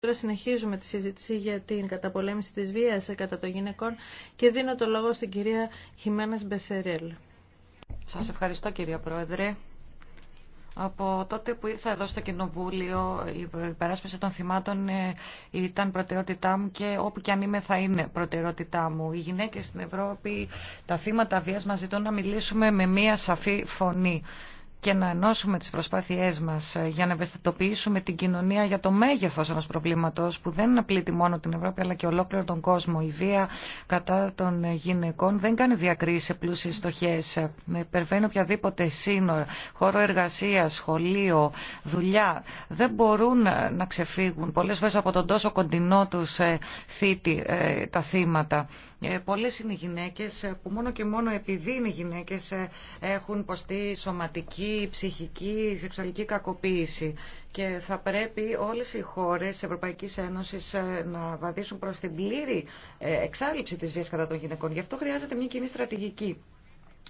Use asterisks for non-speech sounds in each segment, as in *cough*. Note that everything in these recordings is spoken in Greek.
Τώρα συνεχίζουμε τη συζήτηση για την καταπολέμηση της βίας κατά των γυναικών και δίνω το λόγο στην κυρία Χιμένας Μπεσερέλ. Σας ευχαριστώ κυρία Πρόεδρε. Από τότε που ήρθα εδώ στο Κοινοβούλιο, η περάσπιση των θυμάτων ε, ήταν προτεραιότητά μου και όπου και αν είμαι θα είναι προτεραιότητά μου. Οι γυναίκες στην Ευρώπη, τα θύματα βίας μας ζητούν να μιλήσουμε με μία σαφή φωνή και να ενώσουμε τις προσπάθειές μας ε, για να ευαισθητοποιήσουμε την κοινωνία για το μέγεθος ενός προβλήματος που δεν απλήττει μόνο την Ευρώπη αλλά και ολόκληρο τον κόσμο. Η βία κατά των γυναικών δεν κάνει διακρίσεις σε πλούσιες στοχές. Ε, υπερβαίνει οποιαδήποτε σύνορα, χώρο εργασίας, σχολείο, δουλειά. Δεν μπορούν ε, να ξεφύγουν πολλές φορές από τον τόσο κοντινό τους θήτη, τα θύματα. Ε, πολλές είναι οι γυναίκες ε, που μόνο και μόνο επειδή είναι γυναίκες ε, έχουν υποστεί σωματική, ψυχική, σεξουαλική κακοποίηση και θα πρέπει όλες οι χώρες της Ευρωπαϊκής Ένωσης να βαδίσουν προς την πλήρη εξάλληψη της βίας κατά των γυναικών. Γι' αυτό χρειάζεται μια κοινή στρατηγική.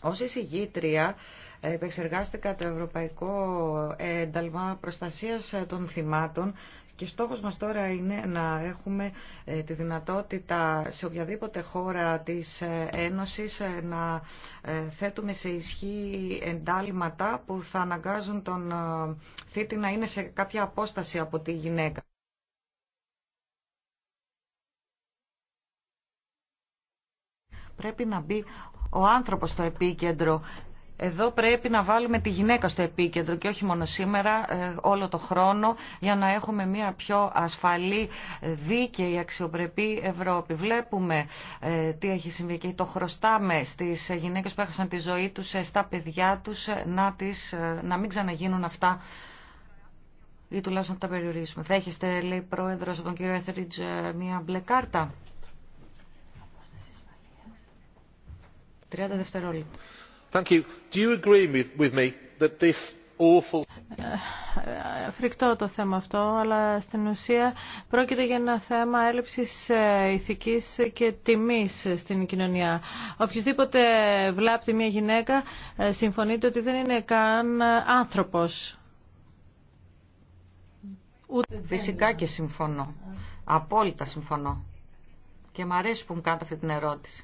Ως εισηγήτρια ε, επεξεργάστηκα το Ευρωπαϊκό Ένταλμα Προστασίας ε, των Θυμάτων και στόχος μας τώρα είναι να έχουμε ε, τη δυνατότητα σε οποιαδήποτε χώρα της Ένωσης να θέτουμε σε ισχύ εντάλματα που θα αναγκάζουν τον θήτη να είναι σε κάποια απόσταση από τη γυναίκα. πρέπει να μπει ο άνθρωπος στο επίκεντρο. Εδώ πρέπει να βάλουμε τη γυναίκα στο επίκεντρο και όχι μόνο σήμερα, ε, όλο το χρόνο, για να έχουμε μια πιο ασφαλή, δίκαιη, αξιοπρεπή Ευρώπη. Βλέπουμε ε, τι έχει συμβεί και το χρωστάμε στις γυναίκες που έχασαν τη ζωή τους, ε, στα παιδιά τους, να, τις, να μην ξαναγίνουν αυτά ή τουλάχιστον να τα περιορίσουμε. Δέχεστε, λέει πρόεδρος από τον κύριο Έθριτζ, μια μπλε κάρτα. Φρικτό το θέμα αυτό, αλλά στην ουσία πρόκειται για ένα θέμα έλλειψης ε, ηθικής και τιμής στην κοινωνία. Οποιουσδήποτε βλάπτει μια γυναίκα, ε, συμφωνείτε ότι δεν είναι καν άνθρωπος. Ούτε... Φυσικά και συμφωνώ. Απόλυτα συμφωνώ. Και μου αρέσει που μου κάνετε αυτή την ερώτηση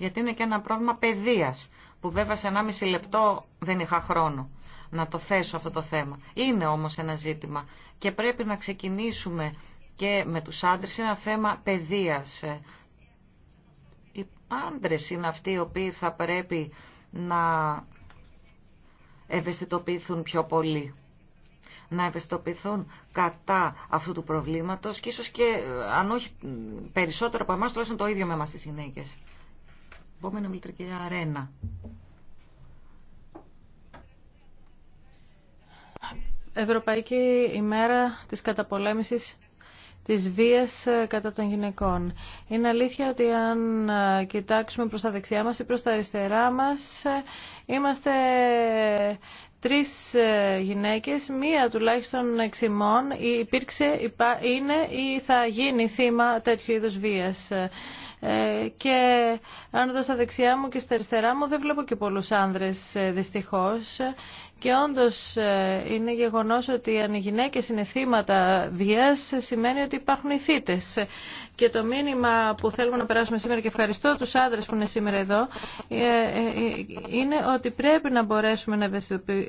γιατί είναι και ένα πρόβλημα παιδείας, που βέβαια σε 1,5 λεπτό δεν είχα χρόνο να το θέσω αυτό το θέμα. Είναι όμως ένα ζήτημα και πρέπει να ξεκινήσουμε και με τους άντρες, ένα θέμα παιδείας. Ε, οι άντρες είναι αυτοί οι οποίοι θα πρέπει να ευαισθητοποιηθούν πιο πολύ να ευαισθητοποιηθούν κατά αυτού του προβλήματος και ίσως και ε, αν όχι ε, περισσότερο από εμάς τουλάχιστον το ίδιο με εμάς τις γυναίκες. Επόμενη μιλήτρια κυρία Αρένα. Ευρωπαϊκή ημέρα της καταπολέμησης της βίας ε, κατά των γυναικών. Είναι αλήθεια ότι αν ε, κοιτάξουμε προς τα δεξιά μας ή προς τα αριστερά μας, ε, είμαστε τρεις γυναίκες, μία τουλάχιστον εξημών υπήρξε, είναι ή θα γίνει θύμα τέτοιου είδους βίας. Ε, και αν δω στα δεξιά μου και στα αριστερά μου δεν βλέπω και πολλούς άνδρες ε, δυστυχώς και όντως ε, είναι γεγονός ότι αν οι γυναίκες είναι θύματα βίας σημαίνει ότι υπάρχουν οι θύτες. Και το μήνυμα που θέλουμε να περάσουμε σήμερα και ευχαριστώ τους άνδρες που είναι σήμερα εδώ είναι ότι πρέπει να μπορέσουμε να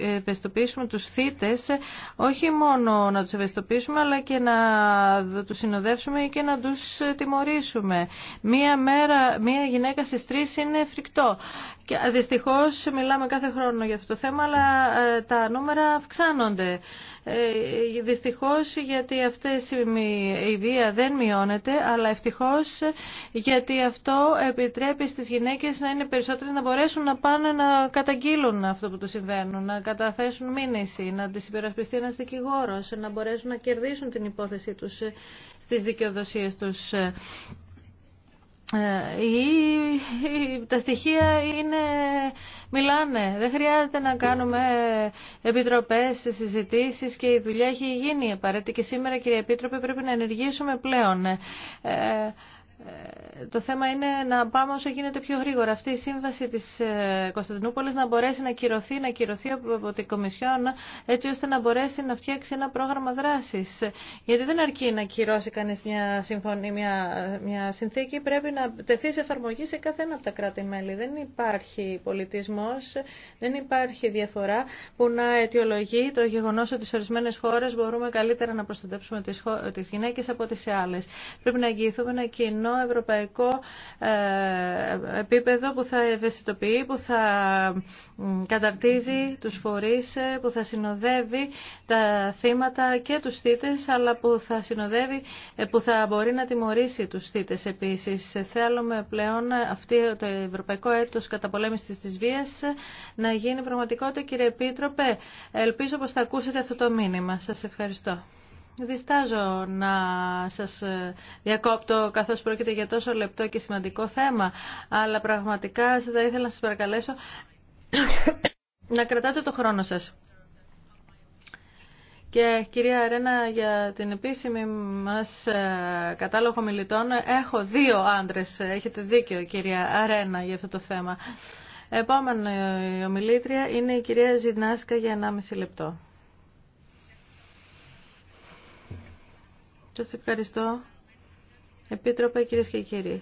ευαισθητοποιήσουμε τους θύτες όχι μόνο να τους ευαισθητοποιήσουμε αλλά και να τους συνοδεύσουμε και να τους τιμωρήσουμε μία μέρα, μία γυναίκα στις τρεις είναι φρικτό. Και δυστυχώς μιλάμε κάθε χρόνο για αυτό το θέμα, αλλά ε, τα νούμερα αυξάνονται. Ε, δυστυχώς γιατί αυτές η βία δεν μειώνεται, αλλά ευτυχώς γιατί αυτό επιτρέπει στις γυναίκες να είναι περισσότερες, να μπορέσουν να πάνε να καταγγείλουν αυτό που τους συμβαίνουν, να καταθέσουν μήνυση, να τις υπερασπιστεί ένας δικηγόρος, να μπορέσουν να κερδίσουν την υπόθεσή τους ε, στις δικαιοδοσίες τους. Ε, ή τα στοιχεία είναι, μιλάνε. Δεν χρειάζεται να κάνουμε επιτροπές, συζητήσεις και η δουλειά έχει γίνει απαραίτητη και σήμερα κυρία Επίτροπε πρέπει να ενεργήσουμε πλέον. Ε, ε, το θέμα είναι να πάμε όσο γίνεται πιο γρήγορα. Αυτή η σύμβαση τη ε, Κωνσταντινούπολη να μπορέσει να κυρωθεί, να κυρωθεί από την Κομισιόν, έτσι ώστε να μπορέσει να φτιάξει ένα πρόγραμμα δράση. Γιατί δεν αρκεί να κυρώσει κανεί μια, μια, συνθήκη, πρέπει να τεθεί σε εφαρμογή σε κάθε ένα από τα κράτη-μέλη. Δεν υπάρχει πολιτισμό, δεν υπάρχει διαφορά που να αιτιολογεί το γεγονό ότι σε ορισμένε χώρε μπορούμε καλύτερα να προστατεύσουμε τι γυναίκε από τι άλλε. Πρέπει να εγγυηθούμε ένα κοινό ευρωπαϊκό ε, επίπεδο που θα ευαισθητοποιεί, που θα καταρτίζει τους φορείς, ε, που θα συνοδεύει τα θύματα και τους θήτες αλλά που θα συνοδεύει, ε, που θα μπορεί να τιμωρήσει τους θήτες επίσης. Θέλουμε πλέον αυτή, το ευρωπαϊκό έτος καταπολέμησης της βίας να γίνει πραγματικότητα. Κύριε Επίτροπε, ελπίζω πως θα ακούσετε αυτό το μήνυμα. Σας ευχαριστώ. Διστάζω να σας ε, διακόπτω καθώς πρόκειται για τόσο λεπτό και σημαντικό θέμα, αλλά πραγματικά θα ήθελα να σας παρακαλέσω *coughs* να κρατάτε το χρόνο σας. Και κυρία Αρένα, για την επίσημη μας ε, κατάλογο μιλητών, έχω δύο άντρες. Έχετε δίκιο κυρία Αρένα για αυτό το θέμα. Επόμενη ομιλήτρια είναι η κυρία Ζινάσκα για 1,5 λεπτό. Σα ευχαριστώ. Επίτροπε, κύριε και κύριοι.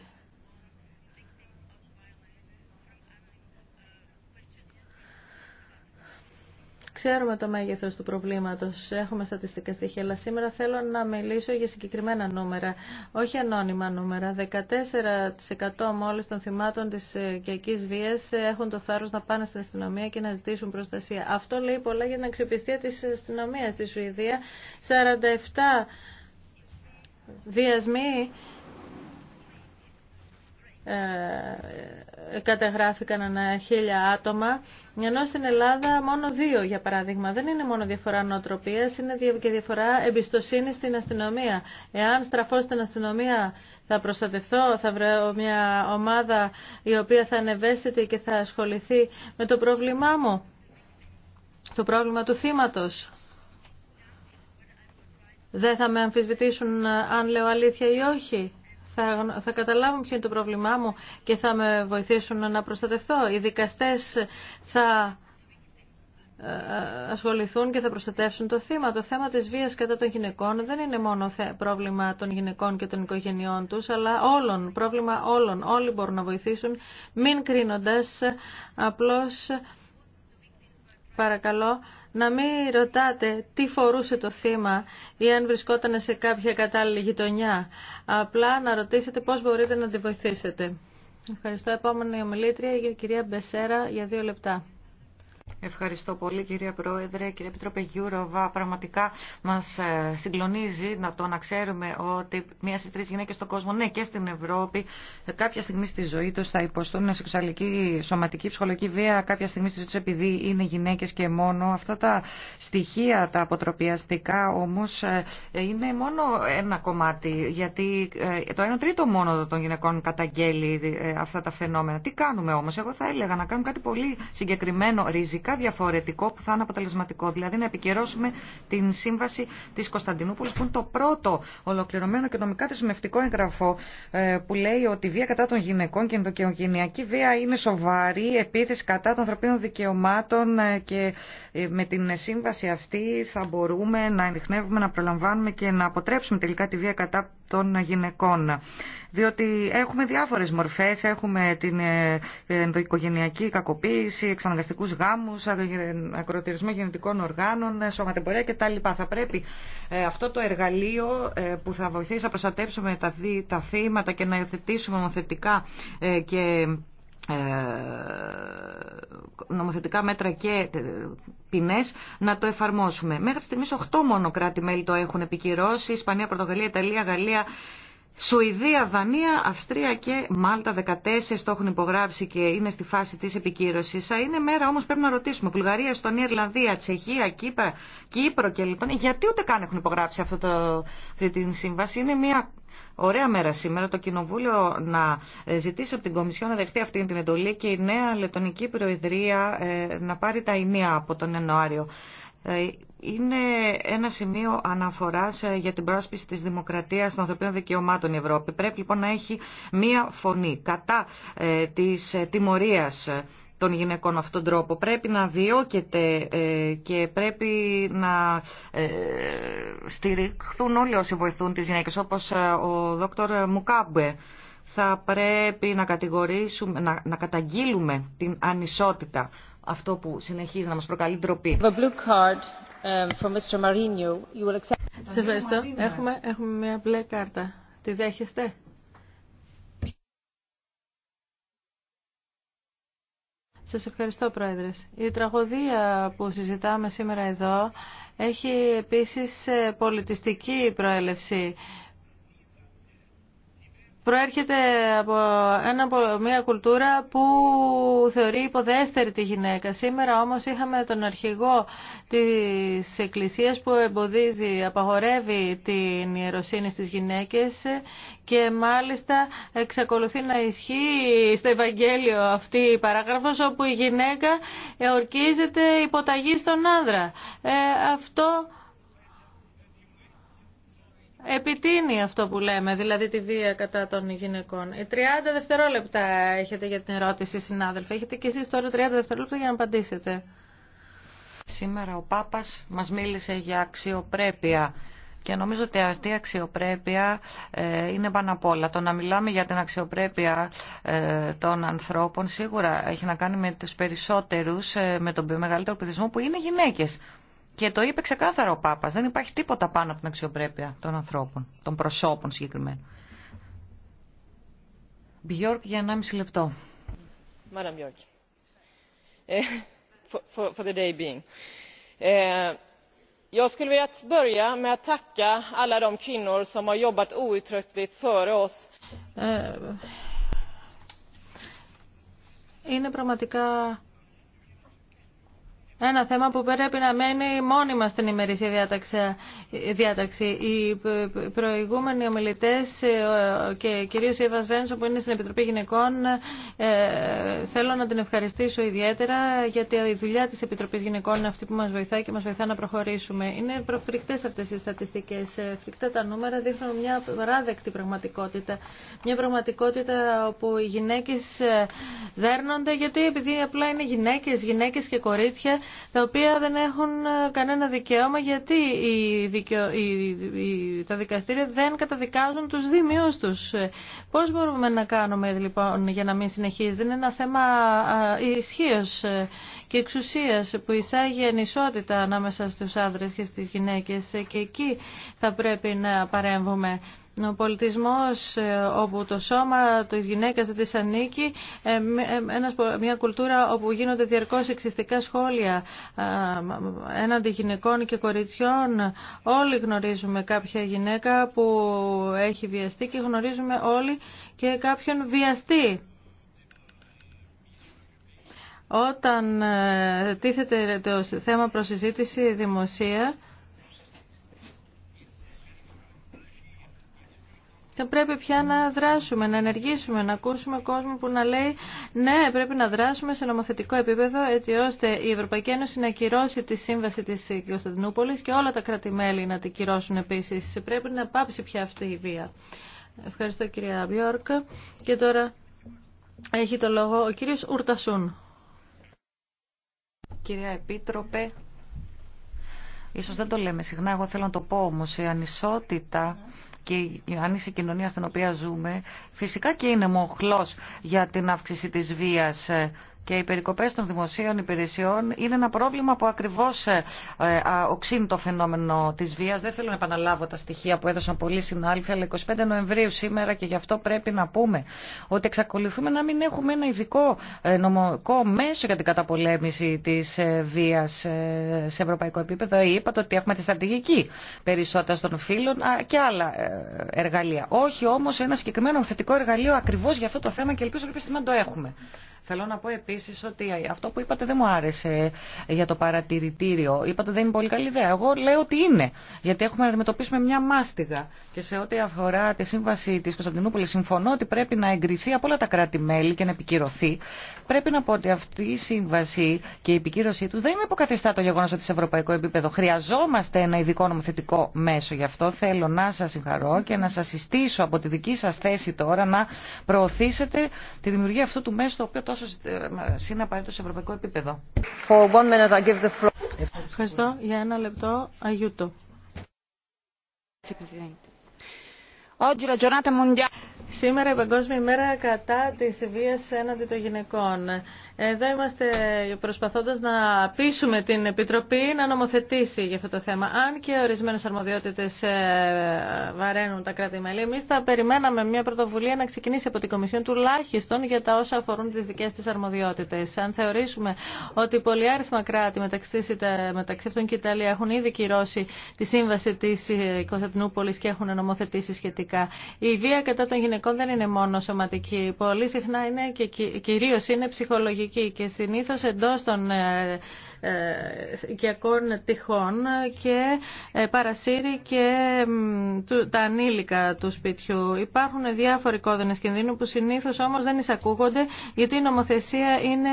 Ξέρουμε το μέγεθος του προβλήματος, έχουμε στατιστικά στοιχεία, αλλά σήμερα θέλω να μιλήσω για συγκεκριμένα νούμερα, όχι ανώνυμα νούμερα. 14% μόλι των θυμάτων της οικιακή βία έχουν το θάρρο να πάνε στην αστυνομία και να ζητήσουν προστασία. Αυτό λέει πολλά για την αξιοπιστία τη αστυνομία στη Σουηδία. 47 Βιασμοί ε, καταγράφηκαν ένα χίλια άτομα, ενώ στην Ελλάδα μόνο δύο, για παράδειγμα. Δεν είναι μόνο διαφορά νοοτροπίας, είναι και διαφορά εμπιστοσύνη στην αστυνομία. Εάν στραφώ στην αστυνομία θα προστατευθώ, θα βρω μια ομάδα η οποία θα ανεβέσεται και θα ασχοληθεί με το πρόβλημά μου, το πρόβλημα του θύματος δεν θα με αμφισβητήσουν ε, αν λέω αλήθεια ή όχι. Θα, θα καταλάβουν ποιο είναι το πρόβλημά μου και θα με βοηθήσουν να προστατευθώ. Οι δικαστές θα ε, ε, ασχοληθούν και θα προστατεύσουν το θύμα. Το θέμα της βίας κατά των γυναικών δεν είναι μόνο πρόβλημα των γυναικών και των οικογενειών τους, αλλά όλων, πρόβλημα όλων. Όλοι μπορούν να βοηθήσουν, μην κρίνοντας, απλώς παρακαλώ να μην ρωτάτε τι φορούσε το θύμα ή αν βρισκόταν σε κάποια κατάλληλη γειτονιά. Απλά να ρωτήσετε πώς μπορείτε να τη βοηθήσετε. Ευχαριστώ. Επόμενη ομιλήτρια η κυρία Μπεσέρα για δύο λεπτά. Ευχαριστώ πολύ κυρία Πρόεδρε, Κύριε Επιτρόπε Γιούροβα. Πραγματικά μας ε, συγκλονίζει να το να ξέρουμε ότι μία στις τρεις γυναίκες στον κόσμο, ναι και στην Ευρώπη, κάποια στιγμή στη ζωή τους θα υποστούν σεξουαλική, σωματική, ψυχολογική βία, κάποια στιγμή στη ζωή τους επειδή είναι γυναίκες και μόνο. Αυτά τα στοιχεία, τα αποτροπιαστικά όμως ε, είναι μόνο ένα κομμάτι, γιατί ε, το 1 τρίτο μόνο των γυναικών καταγγέλει αυτά τα φαινόμενα. Τι κάνουμε όμω, εγώ θα έλεγα να κάνουμε κάτι πολύ συγκεκριμένο, ριζικά διαφορετικό που θα είναι αποτελεσματικό. Δηλαδή να επικαιρώσουμε την σύμβαση τη Κωνσταντινούπολη που είναι το πρώτο ολοκληρωμένο και νομικά δεσμευτικό εγγραφό ε, που λέει ότι η βία κατά των γυναικών και ενδοκαιογενειακή βία είναι σοβαρή επίθεση κατά των ανθρωπίνων δικαιωμάτων ε, και ε, με την σύμβαση αυτή θα μπορούμε να ενδειχνεύουμε, να προλαμβάνουμε και να αποτρέψουμε τελικά τη βία κατά των γυναικών. Διότι έχουμε διάφορε μορφέ. Έχουμε την ενδοοικογενειακή κακοποίηση, εξαναγκαστικού γάμου, ακροτηρισμό γεννητικών οργάνων, ε, σωματεμπορία κτλ. Θα πρέπει ε, αυτό το εργαλείο ε, που θα βοηθήσει να προστατεύσουμε τα θύματα και να υιοθετήσουμε νομοθετικά και νομοθετικά μέτρα και ποινές να το εφαρμόσουμε. Μέχρι στιγμής 8 μόνο κράτη-μέλη το έχουν επικυρώσει. Ισπανία, Πορτογαλία, Ιταλία, Γαλλία, Σουηδία, Δανία, Αυστρία και Μάλτα 14 το έχουν υπογράψει και είναι στη φάση της επικύρωσης. Είναι μέρα όμως πρέπει να ρωτήσουμε. Βουλγαρία, Εστονία, Ιρλανδία, Τσεχία, Κύπρα, Κύπρο και λοιπόν. Γιατί ούτε καν έχουν υπογράψει αυτό το, αυτή την σύμβαση. Είναι μια Ωραία μέρα σήμερα το Κοινοβούλιο να ζητήσει από την Κομισιό να δεχτεί αυτή την εντολή και η νέα Λετωνική Προεδρία ε, να πάρει τα ενία από τον Ιανουάριο. Ε, είναι ένα σημείο αναφοράς ε, για την πρόσπιση της δημοκρατίας των ανθρωπίνων δικαιωμάτων η Ευρώπη. Πρέπει λοιπόν να έχει μία φωνή κατά ε, της ε, τιμωρία των γυναικών αυτόν τον τρόπο. Πρέπει να διώκεται και πρέπει να στηριχθούν όλοι όσοι βοηθούν τις γυναίκες, όπως ο δόκτωρ Μουκάμπε. Θα πρέπει να κατηγορήσουμε, να, να καταγγείλουμε την ανισότητα αυτό που συνεχίζει να μας προκαλεί ντροπή. Um, Σε ευχαριστώ. Έχουμε, έχουμε μια μπλε κάρτα. Τη δέχεστε. Σας ευχαριστώ, Πρόεδρες. Η τραγωδία που συζητάμε σήμερα εδώ έχει επίσης ε, πολιτιστική προέλευση προέρχεται από ένα, μια κουλτούρα που θεωρεί υποδέστερη τη γυναίκα. Σήμερα όμως είχαμε τον αρχηγό της Εκκλησίας που εμποδίζει, απαγορεύει την ιεροσύνη στις γυναίκες και μάλιστα εξακολουθεί να ισχύει στο Ευαγγέλιο αυτή η παράγραφος όπου η γυναίκα εορκίζεται υποταγή στον άνδρα. Ε, αυτό επιτείνει αυτό που λέμε, δηλαδή τη βία κατά των γυναικών. 30 ε, δευτερόλεπτα έχετε για την ερώτηση, συνάδελφε. Έχετε και εσείς τώρα 30 δευτερόλεπτα για να απαντήσετε. Σήμερα ο Πάπας μας μίλησε για αξιοπρέπεια και νομίζω ότι αυτή η αξιοπρέπεια ε, είναι πάνω απ' όλα. Το να μιλάμε για την αξιοπρέπεια ε, των ανθρώπων σίγουρα έχει να κάνει με τους περισσότερους, με τον μεγαλύτερο πληθυσμό που είναι γυναίκες. Και το είπε ξεκάθαρα ο Πάπας, δεν υπάρχει τίποτα πάνω από την αξιοπρέπεια των ανθρώπων, των προσώπων συγκεκριμένα. Μπιόρκ για 1,5 λεπτό. Μάρα Μπιόρκ. Ε, for the day being. Ε, jag skulle vilja börja med att tacka alla de kvinnor som har jobbat outtröttligt före oss. Ε, είναι πραγματικά ένα θέμα που πρέπει να μένει μόνιμα στην ημερήσια διάταξη. Οι προηγούμενοι ομιλητές ε, και κυρίως η Εύα Βένσο που είναι στην Επιτροπή Γυναικών ε, θέλω να την ευχαριστήσω ιδιαίτερα γιατί η δουλειά της Επιτροπής Γυναικών είναι αυτή που μας βοηθάει και μας βοηθά να προχωρήσουμε. Είναι προφρικτέ αυτές οι στατιστικές, ε, Φρικτά τα νούμερα δείχνουν μια παράδεκτη πραγματικότητα. Μια πραγματικότητα όπου οι γυναίκες δέρνονται γιατί επειδή απλά είναι γυναίκε, γυναίκε και κορίτσια τα οποία δεν έχουν ε, κανένα δικαίωμα γιατί οι τα δικαστήρια δεν καταδικάζουν τους δήμιους τους. Ε, πώς μπορούμε να κάνουμε λοιπόν για να μην συνεχίζεται. Είναι ένα θέμα ισχύω ε, και εξουσίας που εισάγει ανισότητα ανάμεσα στους άνδρες και στις γυναίκες και εκεί θα πρέπει να παρέμβουμε. Ο πολιτισμός ε, όπου το σώμα της γυναίκας δεν της ανήκει, ε, ε, μια κουλτούρα όπου γίνονται διαρκώς εξιστικά σχόλια έναντι γυναικών και κοριτσιών. Όλοι γνωρίζουμε κάποια γυναίκα που έχει βιαστεί και γνωρίζουμε όλοι και κάποιον βιαστή. Όταν τίθεται το θέμα προσυζήτηση δημοσία, θα πρέπει πια να δράσουμε, να ενεργήσουμε, να ακούσουμε κόσμο που να λέει ναι, πρέπει να δράσουμε σε νομοθετικό επίπεδο έτσι ώστε η Ευρωπαϊκή Ένωση να κυρώσει τη σύμβαση της Κωνσταντινούπολης και όλα τα κράτη-μέλη να την κυρώσουν επίσης. Πρέπει να πάψει πια αυτή η βία. Ευχαριστώ κυρία Μπιόρκ. Και τώρα έχει το λόγο ο κύριος Ουρτασούν. Κυρία Επίτροπε, ίσως δεν το λέμε συχνά, εγώ θέλω να το πω όμως, η ανισότητα και η άνηση κοινωνία στην οποία ζούμε φυσικά και είναι μοχλός για την αύξηση της βίας ε, και οι περικοπές των δημοσίων υπηρεσιών είναι ένα πρόβλημα που ακριβώς ε, ε, οξύνει το φαινόμενο της βίας. Δεν θέλω να επαναλάβω τα στοιχεία που έδωσαν πολλοί συνάδελφοι, αλλά 25 Νοεμβρίου σήμερα και γι' αυτό πρέπει να πούμε ότι εξακολουθούμε να μην έχουμε ένα ειδικό ε, νομικό μέσο για την καταπολέμηση της βίας σε ευρωπαϊκό επίπεδο. Είπατε ότι έχουμε τη στρατηγική περισσότερα των φύλων και άλλα εργαλεία. Όχι όμως ένα συγκεκριμένο θετικό εργαλείο ακριβώς για αυτό το θέμα και ελπίζω κάποια στιγμή να το έχουμε. Θέλω να πω επίση ότι αυτό που είπατε δεν μου άρεσε για το παρατηρητήριο. Είπατε δεν είναι πολύ καλή ιδέα. Εγώ λέω ότι είναι. Γιατί έχουμε να αντιμετωπίσουμε μια μάστιγα. Και σε ό,τι αφορά τη σύμβαση τη Κωνσταντινούπολη, συμφωνώ ότι πρέπει να εγκριθεί από όλα τα κράτη-μέλη και να επικυρωθεί. Πρέπει να πω ότι αυτή η σύμβαση και η επικύρωσή του δεν υποκαθιστά το γεγονό ότι σε ευρωπαϊκό επίπεδο χρειαζόμαστε ένα ειδικό νομοθετικό μέσο. Γι' αυτό θέλω να σα συγχαρώ και να σα συστήσω από τη δική σα θέση τώρα να προωθήσετε τη δημιουργία αυτού του μέσου το οποίο τόσο είναι απαραίτητο σε ευρωπαϊκό επίπεδο. Ευχαριστώ. Για ένα λεπτό, Αγιούτο. Σήμερα η Παγκόσμια ημέρα κατά της βίας έναντι των γυναικών. Εδώ είμαστε προσπαθώντας να πείσουμε την Επιτροπή να νομοθετήσει για αυτό το θέμα. Αν και ορισμένες αρμοδιότητες ε, βαραίνουν τα κράτη-μέλη, εμείς θα περιμέναμε μια πρωτοβουλία να ξεκινήσει από την Κομισιόν τουλάχιστον για τα όσα αφορούν τις δικές της αρμοδιότητες. Αν θεωρήσουμε ότι άριθμα κράτη μεταξύ, μεταξύ αυτών και Ιταλία έχουν ήδη κυρώσει τη σύμβαση της ε, Κωνσταντινούπολης και έχουν νομοθετήσει σχετικά. Η βία κατά των γυναικών δεν είναι μόνο σωματική. Πολύ συχνά είναι και κυρίως είναι ψυχολογική και συνήθως εντός των ε, ε, οικιακών τυχών και ε, παρασύρει και τα ανήλικα του σπιτιού. Υπάρχουν διάφοροι κόδωνες κινδύνου που συνήθως όμως δεν εισακούγονται γιατί η νομοθεσία είναι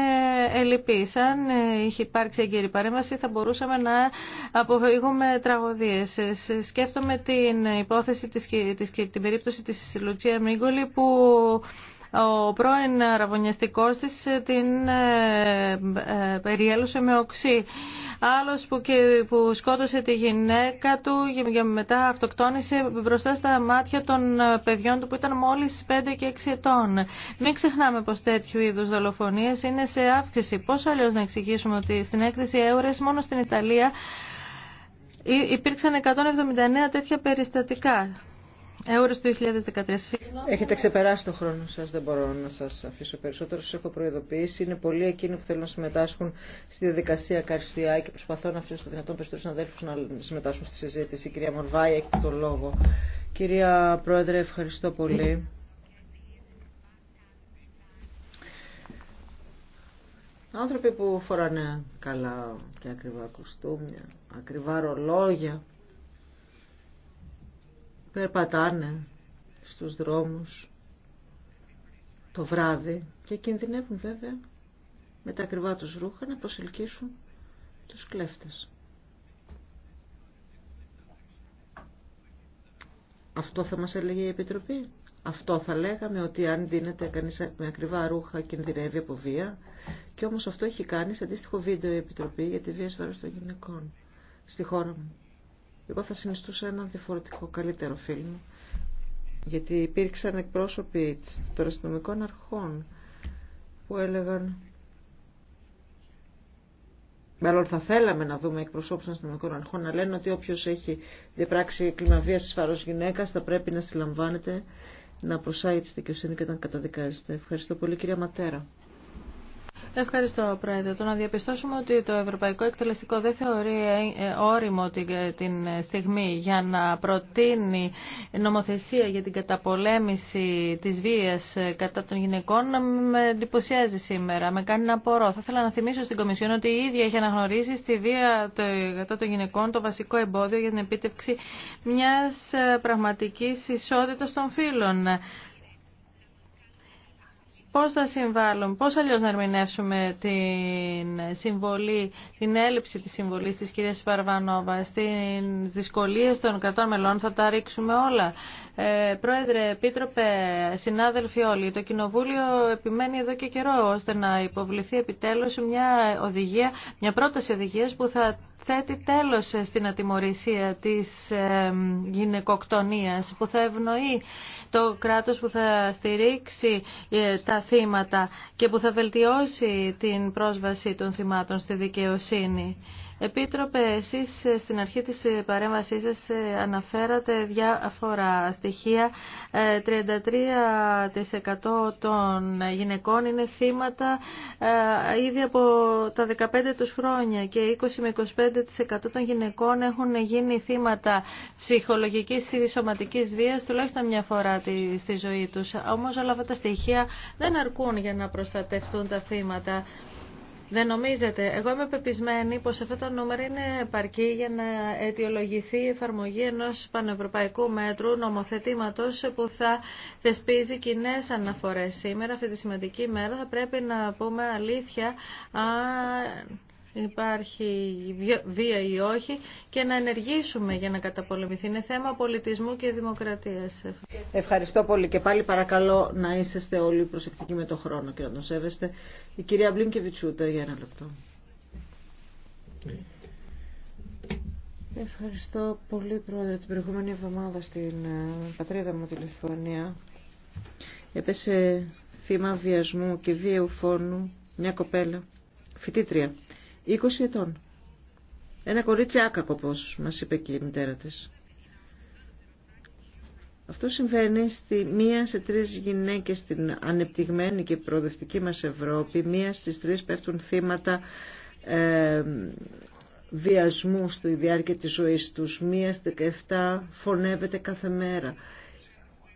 ελλειπής. Αν είχε υπάρξει έγκαιρη παρέμβαση θα μπορούσαμε να αποφύγουμε τραγωδίες. Σκέφτομαι την υπόθεση, την περίπτωση της Λουτσία Μίγκολη που ο πρώην αραβωνιαστικός της ε, την ε, ε, περιέλωσε με οξύ. Άλλος που, που σκότωσε τη γυναίκα του και μετά αυτοκτόνησε μπροστά στα μάτια των παιδιών του που ήταν μόλις 5 και 6 ετών. Μην ξεχνάμε πως τέτοιου είδους δολοφονίες είναι σε αύξηση. Πώς αλλιώς να εξηγήσουμε ότι στην έκθεση Εύρες μόνο στην Ιταλία υπήρξαν 179 τέτοια περιστατικά. 2013. Έχετε ξεπεράσει τον χρόνο σας, δεν μπορώ να σας αφήσω περισσότερο. Σας έχω προειδοποιήσει. Είναι πολλοί εκείνοι που θέλουν να συμμετάσχουν στη διαδικασία Καριστιά και προσπαθώ να αφήσω το δυνατόν περισσότερους αδέρφους να συμμετάσχουν στη συζήτηση. κυρία Μορβάη έχει το λόγο. Κυρία Πρόεδρε, ευχαριστώ πολύ. Άνθρωποι που φοράνε καλά και ακριβά κοστούμια, ακριβά ρολόγια, περπατάνε στους δρόμους το βράδυ και κινδυνεύουν βέβαια με τα ακριβά τους ρούχα να προσελκύσουν τους κλέφτες. Αυτό θα μας έλεγε η Επιτροπή. Αυτό θα λέγαμε ότι αν δίνεται κανείς με ακριβά ρούχα κινδυνεύει από βία. Και όμως αυτό έχει κάνει σε αντίστοιχο βίντεο η Επιτροπή για τη βία σφαίρα των γυναικών στη χώρα μου. Εγώ θα συνιστούσα έναν διαφορετικό καλύτερο φίλμ. γιατί υπήρξαν εκπρόσωποι των αστυνομικών αρχών που έλεγαν Μάλλον θα θέλαμε να δούμε εκπροσώπους των αστυνομικών αρχών να λένε ότι όποιος έχει διαπράξει κλιμαβία στις φάρος γυναίκας θα πρέπει να συλλαμβάνεται να προσάγει τη δικαιοσύνη και να καταδικάζεται. Ευχαριστώ πολύ κυρία Ματέρα. Ευχαριστώ, Πρόεδρε. Το να διαπιστώσουμε ότι το Ευρωπαϊκό Εκτελεστικό δεν θεωρεί ε, ε, όριμο την ε, στιγμή για να προτείνει νομοθεσία για την καταπολέμηση της βίας κατά των γυναικών με εντυπωσιάζει σήμερα, με κάνει να απορώ. Θα ήθελα να θυμίσω στην Κομισιόν ότι η ίδια έχει αναγνωρίσει στη βία κατά των γυναικών το βασικό εμπόδιο για την επίτευξη μιας πραγματικής ισότητας των φύλων πώς θα συμβάλλουν, πώς αλλιώς να ερμηνεύσουμε την συμβολή, την έλλειψη της συμβολής της κυρίας Βαρβανόβα, στις δυσκολίες των κρατών μελών, θα τα ρίξουμε όλα. Ε, πρόεδρε, Επίτροπε, συνάδελφοι όλοι, το Κοινοβούλιο επιμένει εδώ και καιρό ώστε να υποβληθεί επιτέλους μια οδηγία, μια πρόταση οδηγίας που θα θέτει τέλος στην ατιμορρησία της γυναικοκτονίας που θα ευνοεί το κράτος που θα στηρίξει ε, τα θύματα και που θα βελτιώσει την πρόσβαση των θυμάτων στη δικαιοσύνη. Επίτροπε, εσείς ε, στην αρχή της ε, παρέμβασής σας ε, αναφέρατε διάφορα στοιχεία. 33% των γυναικών είναι θύματα ήδη από τα 15 τους χρόνια και 20 με 25% των γυναικών έχουν γίνει θύματα ψυχολογικής ή σωματικής βίας τουλάχιστον μια φορά στη ζωή τους. Όμως όλα αυτά τα στοιχεία δεν αρκούν για να προστατευτούν τα θύματα. Δεν νομίζετε. Εγώ είμαι πεπισμένη πως αυτό το νούμερο είναι επαρκή για να αιτιολογηθεί η εφαρμογή ενός πανευρωπαϊκού μέτρου νομοθετήματος που θα θεσπίζει κοινέ αναφορές. Σήμερα, αυτή τη σημαντική μέρα, θα πρέπει να πούμε αλήθεια αν υπάρχει βία ή όχι και να ενεργήσουμε για να καταπολεμηθεί. Είναι θέμα πολιτισμού και δημοκρατίας. Ευχαριστώ πολύ και πάλι παρακαλώ να είσαστε όλοι προσεκτικοί με το χρόνο και να τον σέβεστε. Η κυρία Μπλίνκεβιτσούτα για ένα λεπτό. Ευχαριστώ πολύ πρόεδρε. Την προηγούμενη εβδομάδα στην ε, πατρίδα μου τη Λιθουανία έπεσε θύμα βιασμού και βίαιου φόνου μια κοπέλα, φοιτήτρια, 20 ετών. Ένα κορίτσι άκακο, όπως μας είπε και η μητέρα της. Αυτό συμβαίνει στη μία σε τρεις γυναίκες στην ανεπτυγμένη και προοδευτική μας Ευρώπη. Μία στις τρεις πέφτουν θύματα ε, βιασμού στη διάρκεια της ζωής τους. Μία στις 17 φωνεύεται κάθε μέρα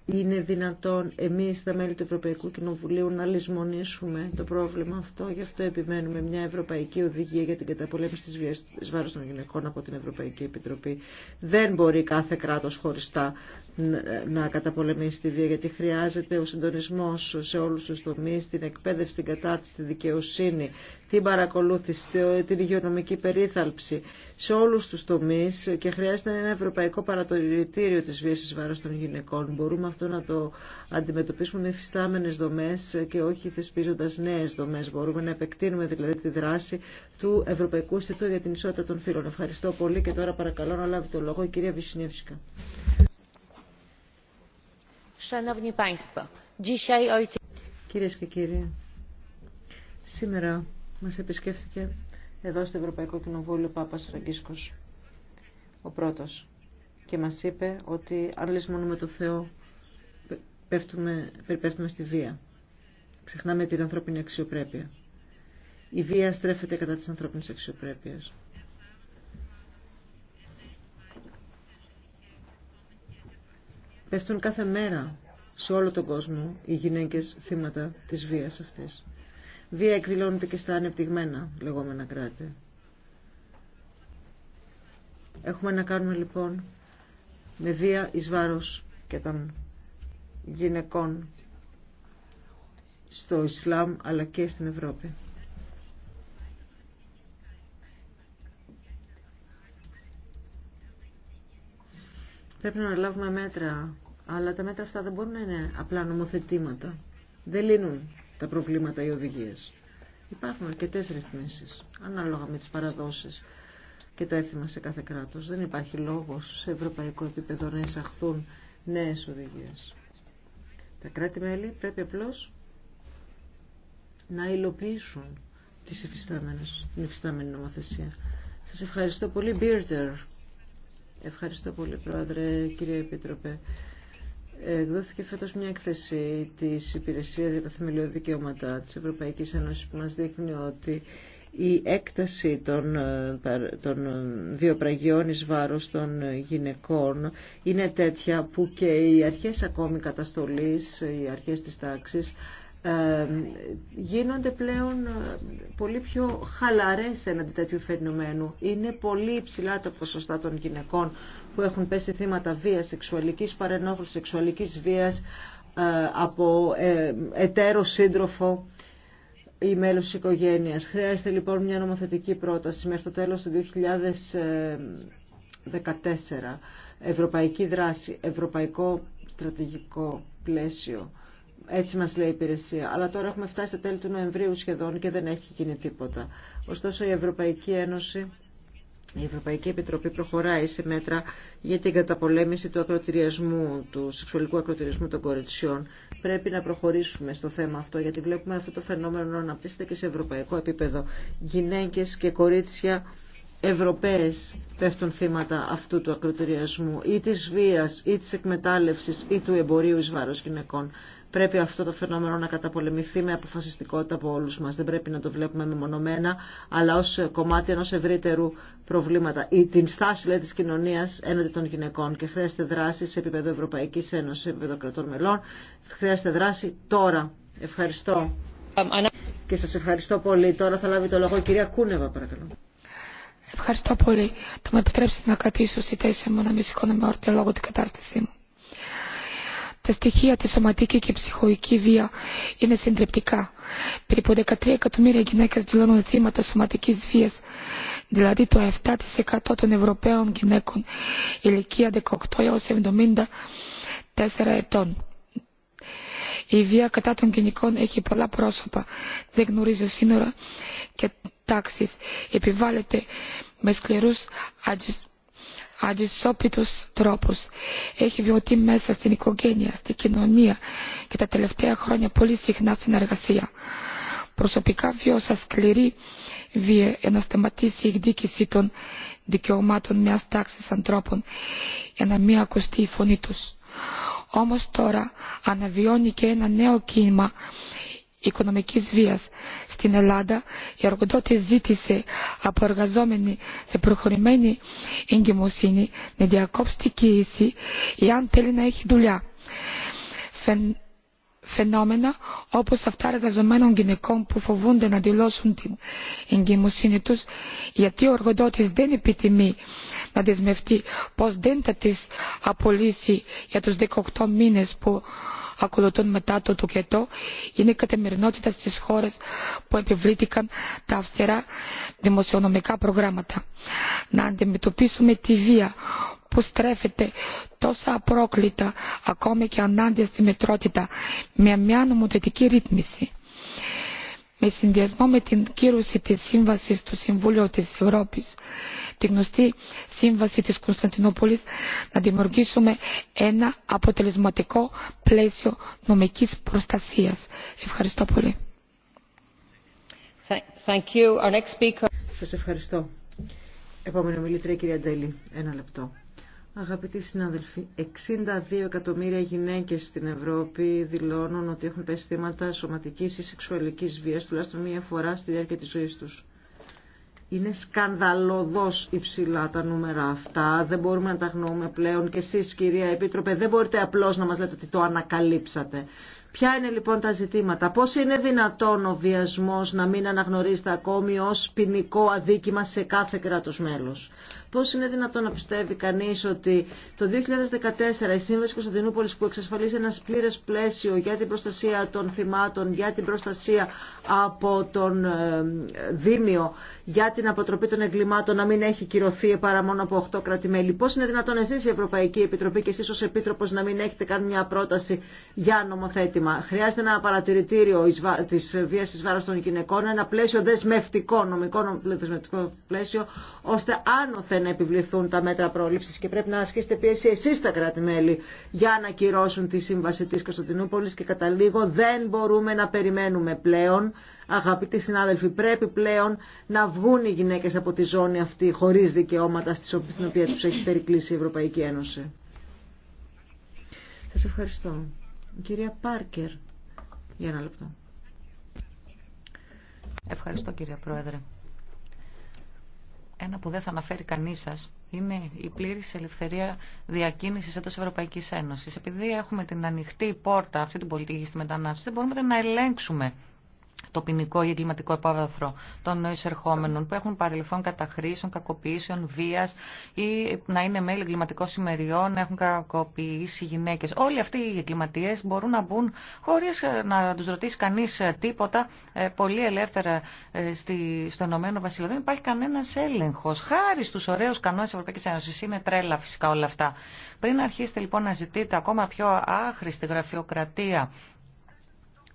είναι δυνατόν εμείς τα μέλη του Ευρωπαϊκού Κοινοβουλίου να λησμονήσουμε το πρόβλημα αυτό. Γι' αυτό επιμένουμε μια ευρωπαϊκή οδηγία για την καταπολέμηση της βίας της των γυναικών από την Ευρωπαϊκή Επιτροπή. Δεν μπορεί κάθε κράτος χωριστά να καταπολεμήσει τη βία γιατί χρειάζεται ο συντονισμός σε όλους τους τομείς, την εκπαίδευση, την κατάρτιση, τη δικαιοσύνη, την παρακολούθηση, την υγειονομική περίθαλψη σε όλους τους τομείς και χρειάζεται ένα ευρωπαϊκό παρατηρητήριο της βίας βάρο βάρος των γυναικών. Μπορούμε αυτό να το αντιμετωπίσουμε με φυστάμενες δομές και όχι θεσπίζοντας νέες δομές. Μπορούμε να επεκτείνουμε δηλαδή τη δράση του Ευρωπαϊκού Ινστιτούτου για την Ισότητα των Φύλων. Ευχαριστώ πολύ και τώρα παρακαλώ να λάβει το λόγο η κυρία Βυσνιεύσικα. Κυρίες και κύριοι, σήμερα μας επισκέφθηκε εδώ στο Ευρωπαϊκό Κοινοβούλιο ο Πάπας Φραγκίσκος, ο πρώτος, και μας είπε ότι αν με το Θεό πέφτουμε, περιπέφτουμε στη βία. Ξεχνάμε την ανθρώπινη αξιοπρέπεια. Η βία στρέφεται κατά της ανθρώπινης αξιοπρέπειας. Πέφτουν κάθε μέρα σε όλο τον κόσμο οι γυναίκες θύματα της βίας αυτής βία εκδηλώνεται και στα ανεπτυγμένα λεγόμενα κράτη. Έχουμε να κάνουμε λοιπόν με βία εις βάρος και των γυναικών στο Ισλάμ αλλά και στην Ευρώπη. Πρέπει να λάβουμε μέτρα, αλλά τα μέτρα αυτά δεν μπορούν να είναι απλά νομοθετήματα. Δεν λύνουν τα προβλήματα οι οδηγίε. Υπάρχουν αρκετέ ρυθμίσει, ανάλογα με τις παραδόσεις και τα έθιμα σε κάθε κράτος. Δεν υπάρχει λόγος σε ευρωπαϊκό επίπεδο να εισαχθούν νέε οδηγίε. Τα κράτη-μέλη πρέπει απλώ να υλοποιήσουν τις εφιστάμενες, την εφιστάμενη νομοθεσία. Σας ευχαριστώ πολύ, Μπίρτερ. Ευχαριστώ πολύ, Πρόεδρε, κύριε Επίτροπε. Εκδόθηκε φέτο μια έκθεση τη Υπηρεσία για τα Θεμελιώδη Δικαιώματα τη Ευρωπαϊκή Ένωση που μα δείχνει ότι η έκταση των, ε, των βιοπραγιών ε, εις βάρος των γυναικών είναι τέτοια που και οι αρχές ακόμη καταστολής, οι αρχές της τάξης γίνονται πλέον ε, πολύ πιο χαλαρές έναντι τέτοιου φαινομένου. Είναι πολύ υψηλά τα ποσοστά των γυναικών που έχουν πέσει θύματα βίας, σεξουαλικής παρενόχλησης, σεξουαλικής βίας ε, από ε, εταίρο σύντροφο ή μέλος της οικογένειας. Χρειάζεται λοιπόν μια νομοθετική πρόταση μέχρι το τέλος του 2014. Ευρωπαϊκή δράση, ευρωπαϊκό στρατηγικό πλαίσιο έτσι μας λέει η υπηρεσία. Αλλά τώρα έχουμε φτάσει στα τέλη του Νοεμβρίου σχεδόν και δεν έχει γίνει τίποτα. Ωστόσο η Ευρωπαϊκή Ένωση... Η Ευρωπαϊκή Επιτροπή προχωράει σε μέτρα για την καταπολέμηση του ακροτηριασμού, του σεξουαλικού ακροτηριασμού των κοριτσιών. Πρέπει να προχωρήσουμε στο θέμα αυτό, γιατί βλέπουμε αυτό το φαινόμενο να αναπτύσσεται και σε ευρωπαϊκό επίπεδο. Γυναίκες και κορίτσια Ευρωπαίες πέφτουν θύματα αυτού του ακροτηριασμού ή τη βία ή τη εκμετάλλευση ή του εμπορίου εις γυναικών. Πρέπει αυτό το φαινόμενο να καταπολεμηθεί με αποφασιστικότητα από όλους μας. Δεν πρέπει να το βλέπουμε μεμονωμένα, αλλά ως κομμάτι ενός ευρύτερου προβλήματα ή την στάση τη της κοινωνίας έναντι των γυναικών. Και χρειάζεται δράση σε επίπεδο Ευρωπαϊκής Ένωσης, σε επίπεδο κρατών μελών. Χρειάζεται δράση τώρα. Ευχαριστώ. Και σας ευχαριστώ πολύ. Τώρα θα λάβει το λόγο η κυρία Κούνεβα, παρακαλώ. Ευχαριστώ πολύ. Θα με επιτρέψετε να κρατήσω στη θέση μου να μην σηκώνω με όρτια λόγω την κατάστασή μου. Τα στοιχεία της σωματική και ψυχοϊκή βία είναι συντριπτικά. Περίπου 13 εκατομμύρια γυναίκες δηλώνουν θύματα σωματικής βίας, δηλαδή το 7% των Ευρωπαίων γυναίκων ηλικία 18 έως 74 ετών. Η βία κατά των γυναικών έχει πολλά πρόσωπα, δεν γνωρίζει σύνορα και τάξεις, επιβάλλεται με σκληρούς άντρες αντισόπιτους τρόπους. Έχει βιωθεί μέσα στην οικογένεια, στην κοινωνία και τα τελευταία χρόνια πολύ συχνά στην εργασία. Προσωπικά βίωσα σκληρή βία για να σταματήσει η εκδίκηση των δικαιωμάτων μια τάξη ανθρώπων για να μην ακουστεί η φωνή του. Όμω τώρα αναβιώνει και ένα νέο κίνημα οικονομικής βίας στην Ελλάδα η εργοδότη ζήτησε από εργαζόμενοι σε προχωρημένη εγκυμοσύνη να διακόψει την κοίηση ή αν θέλει να έχει δουλειά. Φαινόμενα όπως αυτά εργαζομένων γυναικών που φοβούνται να δηλώσουν την εγκυμοσύνη τους γιατί ο εργοδότης δεν επιθυμεί να δεσμευτεί πως δεν θα τις απολύσει για τους 18 μήνες που ακολουθούν μετά το τουκετό είναι η καθημερινότητα στις χώρες που επιβλήθηκαν τα αυστηρά δημοσιονομικά προγράμματα. Να αντιμετωπίσουμε τη βία που στρέφεται τόσο απρόκλητα ακόμη και ανάντια στη μετρότητα με μια νομοθετική ρύθμιση με συνδυασμό με την κύρωση της σύμβασης του Συμβουλίου της Ευρώπης, τη γνωστή σύμβαση της Κωνσταντινούπολης, να δημιουργήσουμε ένα αποτελεσματικό πλαίσιο νομικής προστασίας. Ευχαριστώ πολύ. ευχαριστώ. Επόμενο κυρία Ντέλη. Ένα λεπτό. Αγαπητοί συνάδελφοι, 62 εκατομμύρια γυναίκες στην Ευρώπη δηλώνουν ότι έχουν πέσει θύματα σωματικής ή σεξουαλικής βίας τουλάχιστον μία φορά στη διάρκεια της ζωής τους. Είναι σκανδαλωδώς υψηλά τα νούμερα αυτά. Δεν μπορούμε να τα γνωρούμε πλέον. Και εσείς κυρία Επίτροπε δεν μπορείτε απλώς να μας λέτε ότι το ανακαλύψατε. Ποια είναι λοιπόν τα ζητήματα, πώς είναι δυνατόν ο βιασμός να μην αναγνωρίζεται ακόμη ως ποινικό αδίκημα σε κάθε κράτος μέλος. Πώς είναι δυνατόν να πιστεύει κανείς ότι το 2014 η Σύμβαση Κωνσταντινούπολης που εξασφαλίζει ένα πλήρες πλαίσιο για την προστασία των θυμάτων, για την προστασία από τον ε, Δήμιο, για την αποτροπή των εγκλημάτων να μην έχει κυρωθεί παρά μόνο από 8 κράτη-μέλη. Πώς είναι δυνατόν εσείς η Ευρωπαϊκή Επιτροπή και εσείς ως να μην έχετε κάνει μια πρόταση για νομοθέτημα ζήτημα. Χρειάζεται ένα παρατηρητήριο τη βία τη βάρα των γυναικών, ένα πλαίσιο δεσμευτικό, νομικό δεσμευτικό πλαίσιο, ώστε άνωθεν να επιβληθούν τα μέτρα πρόληψη και πρέπει να ασκήσετε πίεση εσεί τα κράτη-μέλη για να ακυρώσουν τη σύμβαση τη Κωνσταντινούπολη και κατά λίγο δεν μπορούμε να περιμένουμε πλέον. Αγαπητοί συνάδελφοι, πρέπει πλέον να βγουν οι γυναίκε από τη ζώνη αυτή χωρί δικαιώματα στην οποία του έχει περικλείσει η Ευρωπαϊκή Ένωση. Σας ευχαριστώ. Κυρία Πάρκερ, για ένα λεπτό. Ευχαριστώ κυρία Πρόεδρε. Ένα που δεν θα αναφέρει κανείς σας είναι η πλήρης ελευθερία διακίνησης εντός Ευρωπαϊκή Ένωση. Επειδή έχουμε την ανοιχτή πόρτα αυτή την πολιτική στη μετανάστευση, δεν μπορούμε να ελέγξουμε το ποινικό ή εγκληματικό επάβαθρο των εισερχόμενων που έχουν παρελθόν λοιπόν καταχρήσεων, κακοποιήσεων, βία ή να είναι μέλη εγκληματικών σημεριών, να έχουν κακοποιήσει γυναίκε. Όλοι αυτοί οι εγκληματίε μπορούν να μπουν χωρί ε, να του ρωτήσει κανεί ε, τίποτα ε, πολύ ελεύθερα στο Ηνωμένο Βασίλειο. Δεν υπάρχει κανένα έλεγχο. Χάρη στου ωραίου κανόνε τη Ευρωπαϊκή Ένωση. Είναι τρέλα φυσικά όλα αυτά. Πριν αρχίσετε λοιπόν να ζητείτε ακόμα πιο άχρηστη γραφειοκρατία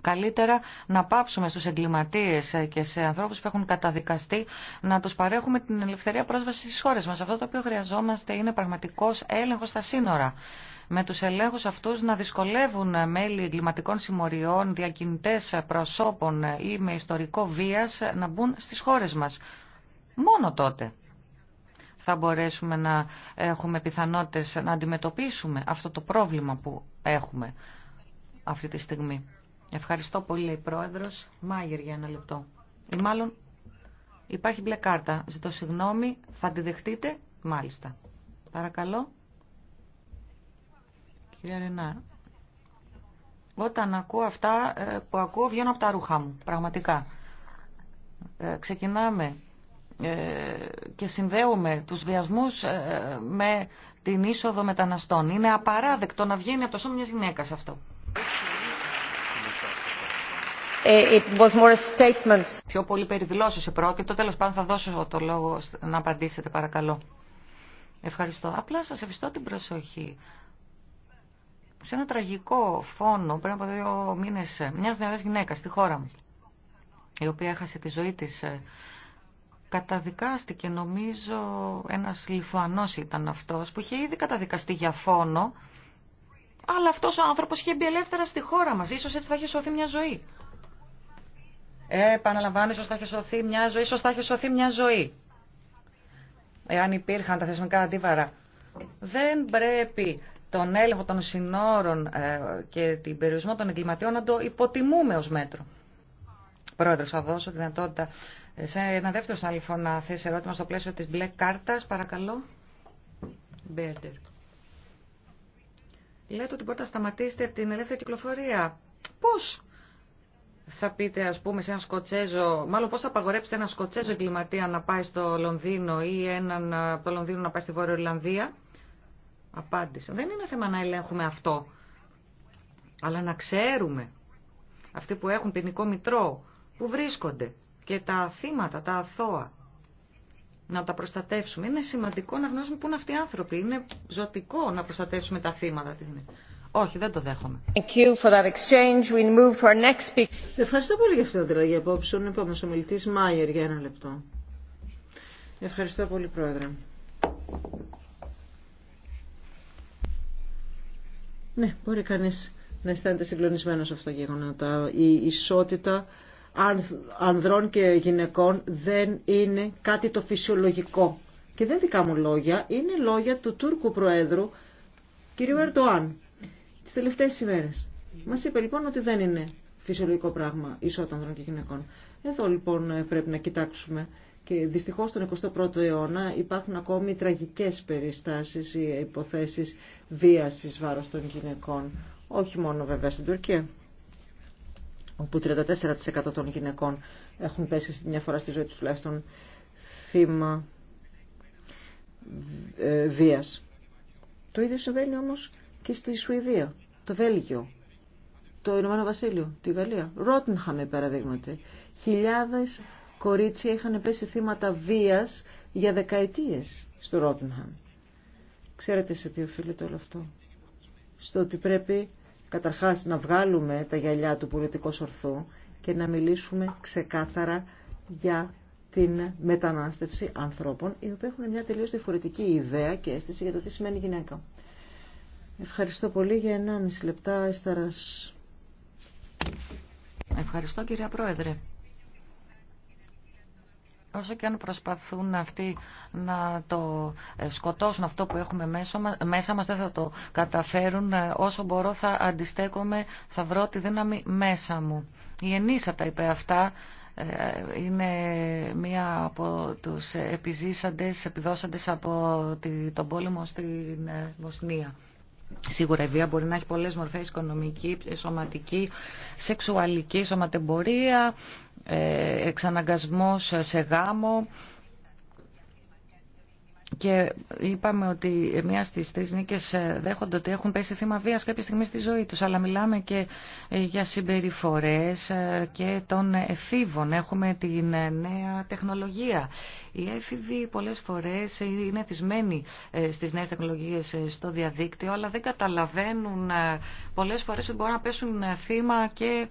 Καλύτερα να πάψουμε στους εγκληματίες ε, και σε ανθρώπους που έχουν καταδικαστεί να τους παρέχουμε την ελευθερία πρόσβαση στις χώρες μας. Αυτό το οποίο χρειαζόμαστε είναι πραγματικός έλεγχος στα σύνορα. Με τους ελέγχους αυτούς να δυσκολεύουν μέλη εγκληματικών συμμοριών, διακινητές προσώπων ή με ιστορικό βίας να μπουν στις χώρες μας. Μόνο τότε θα μπορέσουμε να έχουμε πιθανότητες να αντιμετωπίσουμε αυτό το πρόβλημα που έχουμε αυτή τη στιγμή. Ευχαριστώ πολύ, λέει πρόεδρος. Μάγερ για ένα λεπτό. Ή μάλλον υπάρχει μπλε κάρτα. Ζητώ συγγνώμη, θα τη δεχτείτε. Μάλιστα. Παρακαλώ. Κυρία Ρενά, όταν ακούω αυτά ε, που ακούω βγαίνω από τα ρούχα μου, πραγματικά. Ε, ξεκινάμε ε, και συνδέουμε τους βιασμούς με την είσοδο μεταναστών. Είναι απαράδεκτο να βγαίνει από το σώμα μιας γυναίκας αυτό. It was more a statement. Πιο πολύ περιδηλώσει επρόκειτο. Τέλο πάντων, θα δώσω το λόγο να απαντήσετε, παρακαλώ. Ευχαριστώ. Απλά σα ευχαριστώ την προσοχή. Σε ένα τραγικό φόνο πριν από δύο μήνε, μια νεαρές γυναίκα στη χώρα μου, η οποία έχασε τη ζωή τη, ε, καταδικάστηκε, νομίζω, ένα Λιθουανό ήταν αυτό, που είχε ήδη καταδικαστεί για φόνο. Αλλά αυτό ο άνθρωπο είχε μπει ελεύθερα στη χώρα μα. Ίσως έτσι θα είχε σωθεί μια ζωή. Ε, επαναλαμβάνω, ίσως θα έχει σωθεί μια ζωή, ίσως θα έχει σωθεί μια ζωή. Εάν υπήρχαν τα θεσμικά αντίβαρα. Δεν πρέπει τον έλεγχο των συνόρων ε, και την περιορισμό των εγκληματιών να το υποτιμούμε ως μέτρο. Πρόεδρος, θα δώσω δυνατότητα ε, σε ένα δεύτερο σάλιφο να θέσει ερώτημα στο πλαίσιο της μπλε κάρτας. Παρακαλώ. Λέτε ότι μπορείτε να σταματήσετε την ελεύθερη κυκλοφορία. Πώς θα πείτε ας πούμε σε έναν Σκοτσέζο, μάλλον πώς θα απαγορέψετε έναν Σκοτσέζο εγκληματία να πάει στο Λονδίνο ή έναν ε, από το Λονδίνο να πάει στη Βόρεια Ιρλανδία. Απάντηση. Δεν είναι θέμα να ελέγχουμε αυτό. Αλλά να ξέρουμε αυτοί που έχουν ποινικό μητρό, που βρίσκονται και τα θύματα, τα αθώα, να τα προστατεύσουμε. Είναι σημαντικό να γνωρίζουμε πού είναι αυτοί οι άνθρωποι. Είναι ζωτικό να προστατεύσουμε τα θύματα. Όχι, δεν το δέχομαι. for that exchange. We move to our next Ευχαριστώ πολύ για αυτή την ανταλλαγή απόψεων. Επόμενο ο μιλητή Μάιερ για ένα λεπτό. Ευχαριστώ πολύ, Πρόεδρε. Ναι, μπορεί κανείς να αισθάνεται συγκλονισμένο σε αυτά τα γεγονότα. Η ισότητα ανδρών και γυναικών δεν είναι κάτι το φυσιολογικό. Και δεν δικά μου λόγια, είναι λόγια του Τούρκου Προέδρου, κ. Ερντοάν, τις τελευταίες ημέρες. Μας είπε λοιπόν ότι δεν είναι φυσιολογικό πράγμα ισότητα ανδρών και γυναικών. Εδώ λοιπόν πρέπει να κοιτάξουμε και δυστυχώς στον 21ο αιώνα υπάρχουν ακόμη τραγικές περιστάσεις ή υποθέσεις βίασης βάρος των γυναικών. Όχι μόνο βέβαια στην Τουρκία όπου 34% των γυναικών έχουν πέσει μια φορά στη ζωή του τουλάχιστον θύμα ε, βίας. Το ίδιο συμβαίνει όμως και στη Σουηδία, το Βέλγιο, το Ηνωμένο Βασίλειο, τη Γαλλία. Ρότενχαμ, παραδείγματι. Χιλιάδε κορίτσια είχαν πέσει θύματα βία για δεκαετίε στο Ρότενχαμ. Ξέρετε σε τι οφείλεται όλο αυτό. Στο ότι πρέπει καταρχάς να βγάλουμε τα γυαλιά του πολιτικού ορθού και να μιλήσουμε ξεκάθαρα για την μετανάστευση ανθρώπων οι οποίοι έχουν μια τελείως διαφορετική ιδέα και αίσθηση για το τι σημαίνει γυναίκα. Ευχαριστώ πολύ για 1,5 λεπτά, αισθαράς. Ευχαριστώ κυρία Πρόεδρε. Όσο και αν προσπαθούν αυτοί να το ε, σκοτώσουν αυτό που έχουμε μέσα μας, δεν θα το καταφέρουν. Ε, όσο μπορώ θα αντιστέκομαι, θα βρω τη δύναμη μέσα μου. Η Ενίσα τα είπε αυτά ε, είναι μία από τους επιζήσαντες, επιδόσαντες από τον πόλεμο στην Βοσνία. Σίγουρα η βία μπορεί να έχει πολλές μορφές, οικονομική, σωματική, σεξουαλική, σωματεμπορία, ε, εξαναγκασμός σε γάμο. Και είπαμε ότι μία στι τρεις νίκες ε, δέχονται ότι έχουν πέσει θύμα βίας κάποια στιγμή στη ζωή τους. Αλλά μιλάμε και ε, για συμπεριφορές και των εφήβων. Έχουμε την νέα τεχνολογία οι έφηβοι e πολλές φορές είναι θυσμένοι ε, στις νέες τεχνολογίες ε, στο διαδίκτυο, αλλά δεν καταλαβαίνουν ε, πολλές φορές ότι μπορούν να πέσουν θύμα και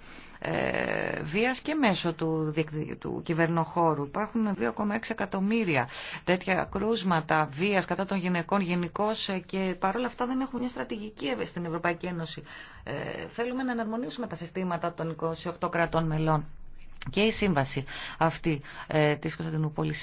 βίας και μέσω του, του κυβερνοχώρου. Υπάρχουν 2,6 εκατομμύρια τέτοια κρούσματα βίας κατά των γυναικών γενικώ και παρόλα αυτά δεν έχουν μια στρατηγική στην Ευρωπαϊκή Ένωση. θέλουμε να εναρμονίσουμε τα συστήματα των 28 κρατών μελών. Και η σύμβαση αυτή ε, της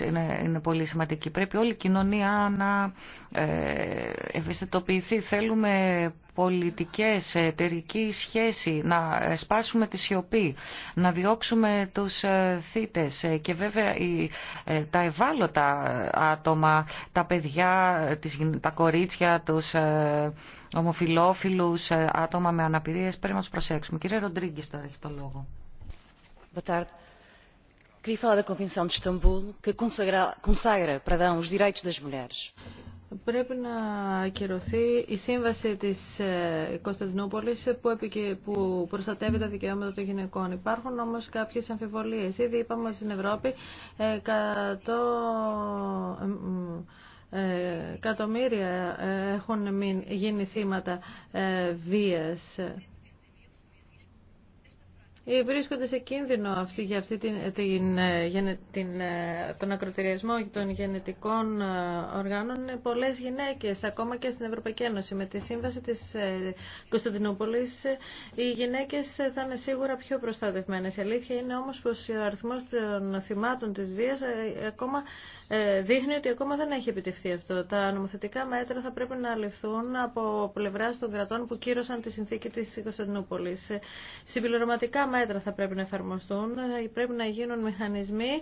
είναι, είναι πολύ σημαντική. Πρέπει όλη η κοινωνία να ε, ευαισθητοποιηθεί. Θέλουμε πολιτικές, εταιρική σχέση, να σπάσουμε τη σιωπή, να διώξουμε τους ε, θύτες ε, και βέβαια ε, τα ευάλωτα άτομα, τα παιδιά, τα κορίτσια, τους ομοφιλόφιλους, άτομα με αναπηρίες, πρέπει να τους προσέξουμε. Κύριε Ροντρίγκης τώρα έχει το λόγο. Queria falar da Convenção de Istambul, que consagra, os direitos das mulheres. Πρέπει να ακυρωθεί η σύμβαση της ε, Κωνσταντινούπολης που προστατεύει τα δικαιώματα των γυναικών. Υπάρχουν όμως κάποιες αμφιβολίες. Ήδη είπαμε στην Ευρώπη 100 ε, ε, εκατομμύρια έχουν γίνει θύματα βίας βρίσκονται σε κίνδυνο αυτή, για αυτή την, την, ε, την, ε, τον ακροτηριασμό των γενετικών ε, οργάνων πολλές γυναίκες, ακόμα και στην Ευρωπαϊκή Ένωση. Με τη σύμβαση της Κωνσταντινούπολης οι γυναίκες θα είναι σίγουρα πιο προστατευμένες. Η αλήθεια είναι όμως πως ο αριθμός των θυμάτων της βίας ακόμα ε, δείχνει ότι ακόμα δεν έχει επιτευχθεί αυτό. Τα νομοθετικά μέτρα θα πρέπει να ληφθούν από πλευρά των κρατών που κύρωσαν τη συνθήκη τη Κωνσταντινούπολη. Ε, συμπληρωματικά μέτρα θα πρέπει να εφαρμοστούν, ε, πρέπει να γίνουν μηχανισμοί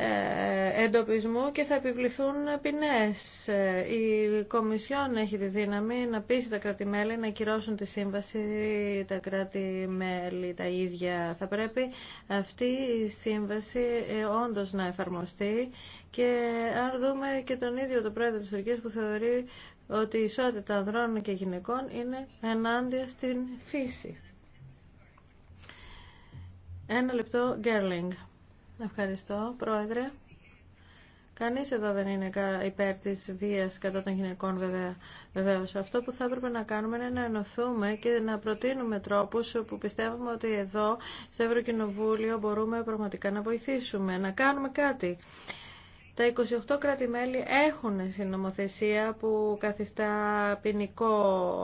ε, εντοπισμού και θα επιβληθούν ποινές. Ε, η Κομισιόν έχει τη δύναμη να πείσει τα κράτη-μέλη να κυρώσουν τη σύμβαση τα κράτη-μέλη τα ίδια. Θα πρέπει αυτή η σύμβαση ε, όντως να εφαρμοστεί και αν δούμε και τον ίδιο το πρόεδρο της Τουρκίας που θεωρεί ότι η ισότητα ανδρών και γυναικών είναι ενάντια στην φύση. Ένα λεπτό, Γκέρλινγκ. Ευχαριστώ, Πρόεδρε. Κανεί εδώ δεν είναι υπέρ τη βία κατά των γυναικών βέβαια. Βεβαίως. Αυτό που θα έπρεπε να κάνουμε είναι να ενωθούμε και να προτείνουμε τρόπους που πιστεύουμε ότι εδώ στο Ευρωκοινοβούλιο μπορούμε πραγματικά να βοηθήσουμε, να κάνουμε κάτι. Τα 28 κράτη-μέλη έχουν συνομοθεσία που καθιστά ποινικό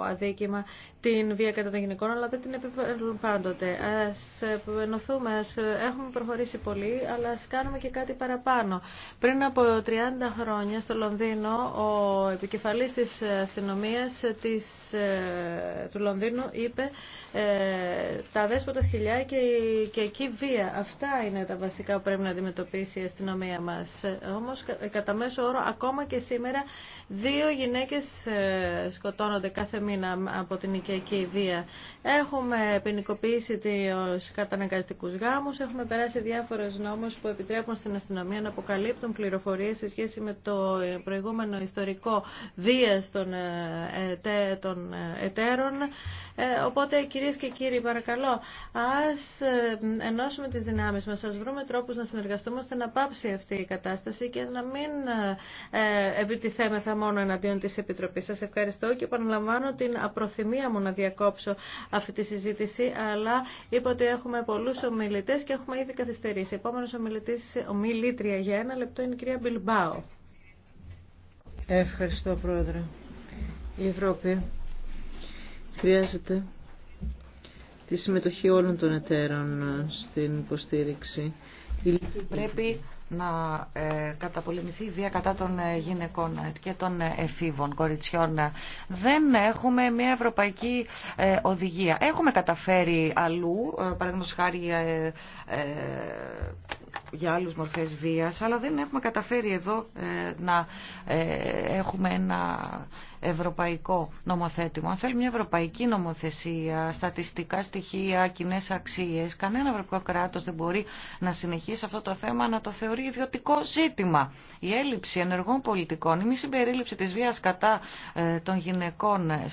αδίκημα την βία κατά των γυναικών, αλλά δεν την επιβάλλουν πάντοτε. Ας ενωθούμε, έχουμε προχωρήσει πολύ, αλλά α κάνουμε και κάτι παραπάνω. Πριν από 30 χρόνια στο Λονδίνο, ο επικεφαλής της αστυνομίας της ε, του Λονδίνου είπε ε, «Τα δέσποτα σκυλιά και, και εκεί βία». Αυτά είναι τα βασικά που πρέπει να αντιμετωπίσει η αστυνομία μας. Όμως κατά μέσο όρο ακόμα και σήμερα δύο γυναίκες ε, σκοτώνονται κάθε μήνα από την οικιακή βία. Έχουμε ποινικοποιήσει τους καταναγκαστικούς γάμους, έχουμε περάσει διάφορες νόμους που επιτρέπουν στην αστυνομία να αποκαλύπτουν πληροφορίες σε σχέση με το προηγούμενο ιστορικό βία των, των εταίρων. εταίρων. Οπότε, κυρίες και κύριοι, παρακαλώ, ας ε, ενώσουμε τις δυνάμεις μας, ας βρούμε τρόπους να συνεργαστούμε ώστε να πάψει αυτή η κατάσταση και να μην ε, επιτιθέμεθα μόνο εναντίον της επιτροπή. Σας ευχαριστώ και επαναλαμβάνω την απροθυμία μου να διακόψω αυτή τη συζήτηση, αλλά είπα ότι έχουμε πολλούς ομιλητές και έχουμε ήδη καθυστερήσει. Επόμενο ομιλητής, ομιλήτρια για ένα λεπτό είναι η κυρία Μπιλμπάου. Ευχαριστώ, Πρόεδρε. Η Ευρώπη Χρειάζεται τη συμμετοχή όλων των εταίρων στην υποστήριξη. Πρέπει να ε, καταπολεμηθεί η βία κατά των ε, γυναικών και των ε, εφήβων, κοριτσιών. Δεν έχουμε μια ευρωπαϊκή οδηγία. Έχουμε καταφέρει αλλού, παραδείγματος χάρη για άλλους μορφές βίας, αλλά δεν έχουμε καταφέρει εδώ να έχουμε ένα ευρωπαϊκό νομοθέτημα. Αν θέλει μια ευρωπαϊκή νομοθεσία, στατιστικά στοιχεία, κοινέ αξίε, κανένα ευρωπαϊκό κράτο δεν μπορεί να συνεχίσει αυτό το θέμα να το θεωρεί ιδιωτικό ζήτημα. Η έλλειψη ενεργών πολιτικών, η μη συμπερίληψη τη βία κατά ε, των γυναικών ε,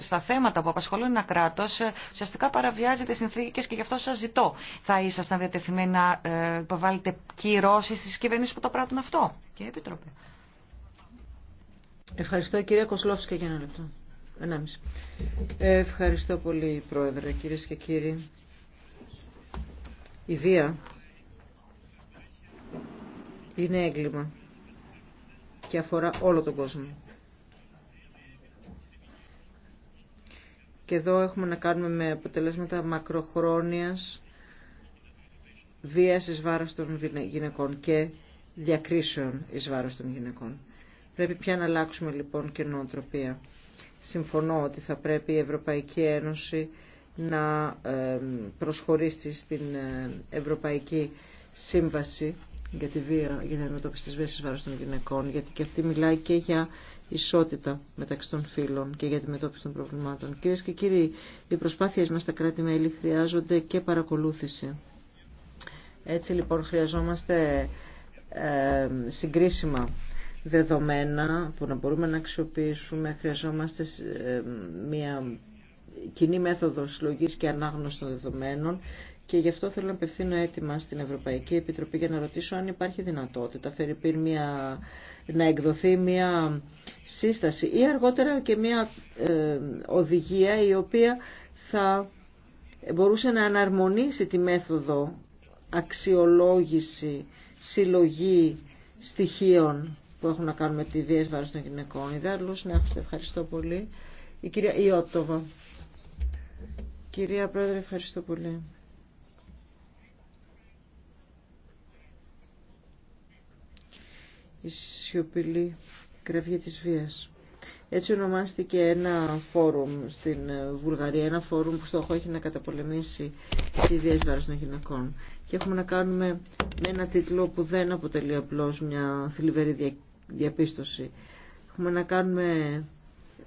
στα θέματα που απασχολούν ένα κράτο, ε, ουσιαστικά παραβιάζει τι συνθήκε και γι' αυτό σα ζητώ. Θα ήσασταν διατεθειμένοι να υποβάλλετε κυρώσει στι κυβερνήσει που το πράττουν αυτό. Και επιτροπή. Ευχαριστώ κυρία Κοσλόφσκα για ένα λεπτό. Ενάμιση. Ευχαριστώ πολύ πρόεδρε κυρίες και κύριοι. Η βία είναι έγκλημα και αφορά όλο τον κόσμο. Και εδώ έχουμε να κάνουμε με αποτελέσματα μακροχρόνιας βίας εις βάρος των γυναικών και διακρίσεων εις βάρος των γυναικών. Πρέπει πια να αλλάξουμε λοιπόν και νοοτροπία. Συμφωνώ ότι θα πρέπει η Ευρωπαϊκή Ένωση να προσχωρήσει στην Ευρωπαϊκή Σύμβαση για τη βία, για την αντιμετώπιση της βίας βάρος των γυναικών, γιατί και αυτή μιλάει και για ισότητα μεταξύ των φύλων και για τη μετώπιση των προβλημάτων. Κυρίε και κύριοι, οι προσπάθειες μα στα κράτη-μέλη χρειάζονται και παρακολούθηση. Έτσι λοιπόν χρειαζόμαστε συγκρίσιμα δεδομένα που να μπορούμε να αξιοποιήσουμε. Χρειαζόμαστε ε, μια κοινή μέθοδο συλλογής και ανάγνωση των δεδομένων και γι' αυτό θέλω να απευθύνω έτοιμα στην Ευρωπαϊκή Επιτροπή για να ρωτήσω αν υπάρχει δυνατότητα φέρει μια, να εκδοθεί μια σύσταση ή αργότερα και μια ε, οδηγία η οποία θα μπορούσε να αναρμονίσει τη μέθοδο αξιολόγηση, συλλογή στοιχείων που έχουν να κάνουν με τη βία των γυναικών. Ιδάλλως, ναι, ευχαριστώ πολύ. Η κυρία Ιώτοβα. Κυρία Πρόεδρε, ευχαριστώ πολύ. Η σιωπηλή κραυγή τη Βία. Έτσι ονομάστηκε ένα φόρουμ στην Βουλγαρία, ένα φόρουμ που στόχο έχει να καταπολεμήσει τη διέσβαρση των γυναικών. Και έχουμε να κάνουμε με ένα τίτλο που δεν αποτελεί απλώς μια θλιβερή διαπίστωση. Έχουμε να κάνουμε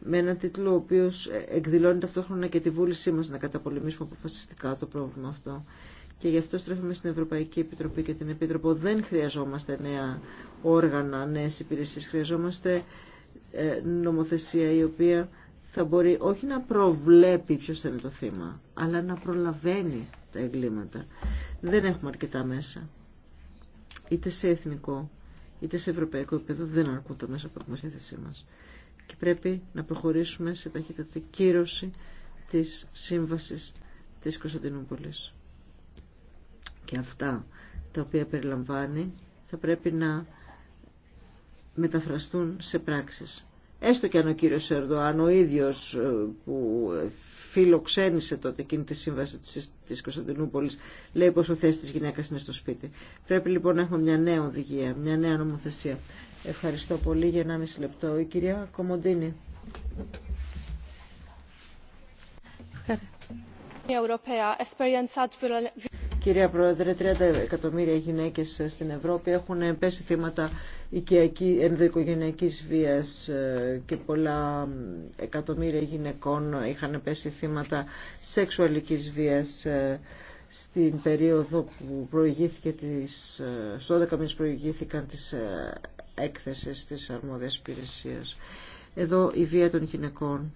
με έναν τίτλο ο οποίο εκδηλώνει ταυτόχρονα και τη βούλησή μα να καταπολεμήσουμε αποφασιστικά το πρόβλημα αυτό. Και γι' αυτό στρέφουμε στην Ευρωπαϊκή Επιτροπή και την Επίτροπο. Δεν χρειαζόμαστε νέα όργανα, νέε υπηρεσίε. Χρειαζόμαστε ε, νομοθεσία η οποία θα μπορεί όχι να προβλέπει ποιο θα είναι το θύμα, αλλά να προλαβαίνει τα εγκλήματα. Δεν έχουμε αρκετά μέσα. Είτε σε εθνικό, είτε σε ευρωπαϊκό επίπεδο δεν αρκούν τα μέσα που έχουμε στη θέση μας. Και πρέπει να προχωρήσουμε σε ταχύτατη κύρωση της σύμβασης της Κωνσταντινούπολη. Και αυτά τα οποία περιλαμβάνει θα πρέπει να μεταφραστούν σε πράξεις. Έστω και αν ο κύριος Ερντοάν ο ίδιος ε, που φιλοξένησε τότε εκείνη τη σύμβαση της Κωνσταντινούπολης λέει πως ο θέση τη γυναίκας είναι στο σπίτι. Πρέπει λοιπόν να έχουμε μια νέα οδηγία, μια νέα νομοθεσία. Ευχαριστώ πολύ για μισή λεπτό. Η κυρία Κομοντίνη. Ευχαριστώ. Κυρία Πρόεδρε, 30 εκατομμύρια γυναίκες στην Ευρώπη έχουν πέσει θύματα ενδοοικογενειακής βίας ε, και πολλά εκατομμύρια γυναικών είχαν πέσει θύματα σεξουαλικής βίας ε, στην περίοδο που προηγήθηκε τις, ε, στο 12 μήνε προηγήθηκαν τις έκθεσεις της αρμόδιας υπηρεσία. Εδώ η βία των γυναικών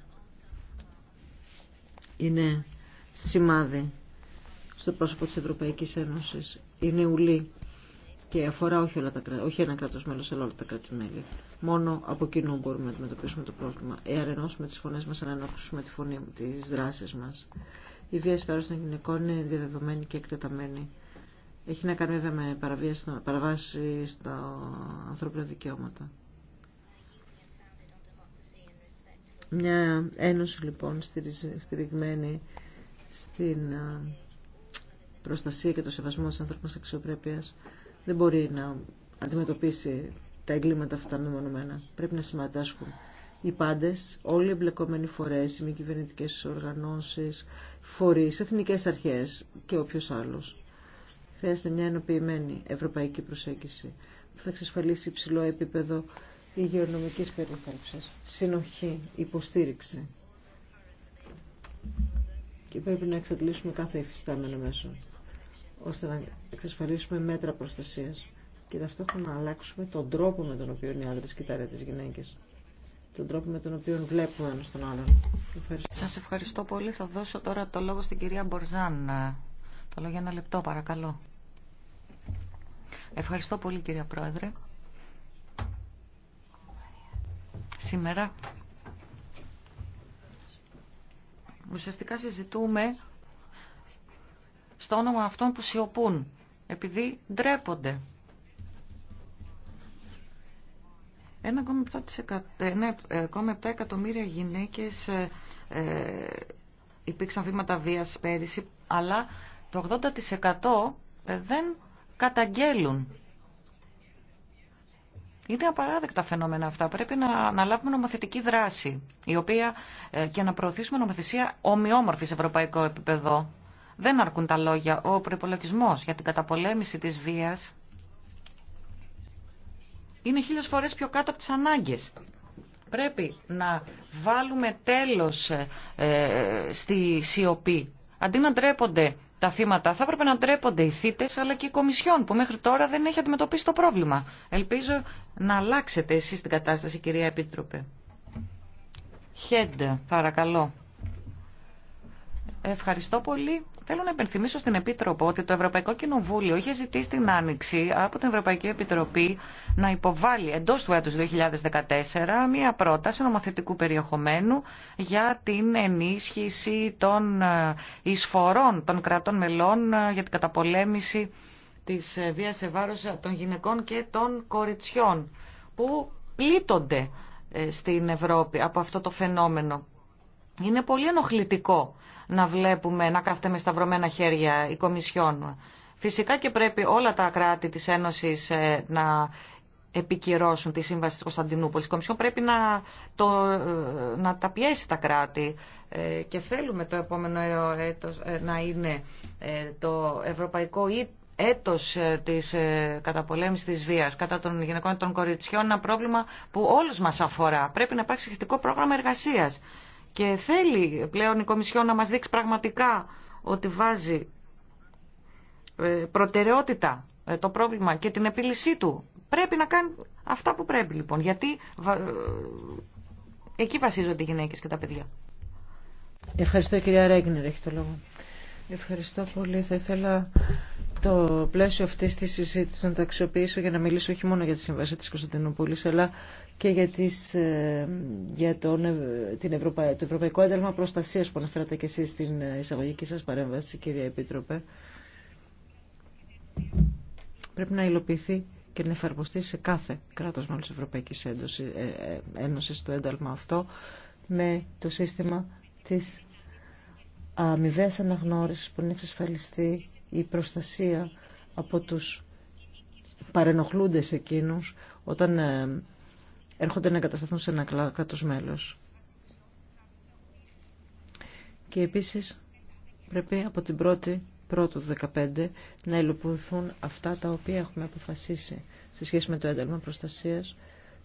είναι σημάδι στο πρόσωπο της Ευρωπαϊκής Ένωσης. Είναι ουλή και αφορά όχι, όλα τα, όχι ένα κράτος μέλος, αλλά όλα τα κράτη-μέλη. Μόνο από κοινού μπορούμε να αντιμετωπίσουμε το πρόβλημα. Εάν ενώσουμε τις φωνές μας, αν ενώσουμε τη φωνή τις δράσεις μας. Η βία σφαίρος των γυναικών είναι διαδεδομένη και εκτεταμένη. Έχει να κάνει βέβαια με παραβάσει στα ανθρώπινα δικαιώματα. Μια ένωση λοιπόν στηριγμένη στην ε, προστασία και το σεβασμό τη ανθρώπινης αξιοπρέπειας δεν μπορεί να αντιμετωπίσει τα εγκλήματα αυτά μεμονωμένα. Πρέπει να συμμετάσχουν οι πάντες, όλοι οι εμπλεκόμενοι φορέ, οι μη κυβερνητικέ οργανώσεις, φορείς, εθνικές αρχές και όποιος άλλο. Χρειάζεται μια ενοποιημένη ευρωπαϊκή προσέγγιση που θα εξασφαλίσει υψηλό επίπεδο υγειονομικής περιθάλψης, συνοχή, υποστήριξη. Και πρέπει να εξαντλήσουμε κάθε υφιστάμενο μέσο ώστε να εξασφαλίσουμε μέτρα προστασία και ταυτόχρονα να αλλάξουμε τον τρόπο με τον οποίο οι άντρε κοιτάνε τι γυναίκες τον τρόπο με τον οποίο βλέπουμε ένα τον άλλον. Σα Σας ευχαριστώ πολύ. Θα δώσω τώρα το λόγο στην κυρία Μπορζάν. Το λόγο για ένα λεπτό παρακαλώ. Ευχαριστώ πολύ κυρία Πρόεδρε. Σήμερα ουσιαστικά συζητούμε στο όνομα αυτών που σιωπούν, επειδή ντρέπονται. 1,7 ε, ναι, ε, εκατομμύρια γυναίκες ε, υπήρξαν θύματα βίας πέρυσι, αλλά το 80% δεν καταγγέλουν. Είναι απαράδεκτα φαινόμενα αυτά. Πρέπει να, να λάβουμε νομοθετική δράση η οποία, και να προωθήσουμε νομοθεσία ομοιόμορφη σε ευρωπαϊκό επίπεδο δεν αρκούν τα λόγια. Ο προπολογισμό για την καταπολέμηση της βίας είναι χίλιες φορές πιο κάτω από τις ανάγκες. Πρέπει να βάλουμε τέλος ε, ε, στη σιωπή. Αντί να ντρέπονται τα θύματα, θα έπρεπε να ντρέπονται οι θύτες αλλά και η Κομισιόν που μέχρι τώρα δεν έχει αντιμετωπίσει το πρόβλημα. Ελπίζω να αλλάξετε εσείς την κατάσταση κυρία Επίτροπε. Χέντε, παρακαλώ. Ευχαριστώ πολύ. Θέλω να υπενθυμίσω στην Επίτροπο ότι το Ευρωπαϊκό Κοινοβούλιο είχε ζητήσει την Άνοιξη από την Ευρωπαϊκή Επιτροπή να υποβάλει εντό του έτου 2014 μία πρόταση νομοθετικού περιεχομένου για την ενίσχυση των ε, εισφορών των κρατών μελών ε, για την καταπολέμηση τη ε, βία σε βάρο των γυναικών και των κοριτσιών που πλήττονται στην Ευρώπη από αυτό το φαινόμενο. Είναι πολύ ενοχλητικό να βλέπουμε να κάθεται με σταυρωμένα χέρια η Κομισιόν. Φυσικά και πρέπει όλα τα κράτη της Ένωσης ε, να επικυρώσουν τη σύμβαση της Κωνσταντινούπολης. Η Κομισιόν πρέπει να, το, ε, να τα πιέσει τα κράτη ε, και θέλουμε το επόμενο έτος να είναι το ευρωπαϊκό έτος της καταπολέμησης της βίας κατά των γυναικών και των κοριτσιών ένα πρόβλημα που όλους μας αφορά. Πρέπει να υπάρξει σχετικό πρόγραμμα εργασίας. Και θέλει πλέον η Κομισιόν να μας δείξει πραγματικά ότι βάζει ε, προτεραιότητα ε, το πρόβλημα και την επίλυσή του. Πρέπει να κάνει αυτά που πρέπει λοιπόν, γιατί ε, εκεί βασίζονται οι γυναίκες και τα παιδιά. Ευχαριστώ κυρία Ρέγνερ, έχει το λόγο. Ευχαριστώ πολύ. Θα ήθελα το πλαίσιο αυτής της συζήτησης να το αξιοποιήσω για να μιλήσω όχι μόνο για τη Σύμβαση της Κωνσταντινούπολης αλλά και για, τις, ε, για τον, ε, την το Ευρωπαϊκό Ένταλμα Προστασίας που αναφέρατε και εσείς στην εισαγωγική σας παρέμβαση κυρία Επίτροπε πρέπει να υλοποιηθεί και να εφαρμοστεί σε κάθε κράτος μέλος Ευρωπαϊκής Ένωσης, ε, Ένωσης το ένταλμα αυτό με το σύστημα της αμοιβαίας αναγνώρισης που είναι εξασφαλιστεί η προστασία από τους παρενοχλούντες εκείνους όταν ε, έρχονται να εγκατασταθούν σε ένα κράτος μέλος. Και επίσης πρέπει από την πρώτη πρώτου του 2015 να υλοποιηθούν αυτά τα οποία έχουμε αποφασίσει σε σχέση με το ένταλμα προστασίας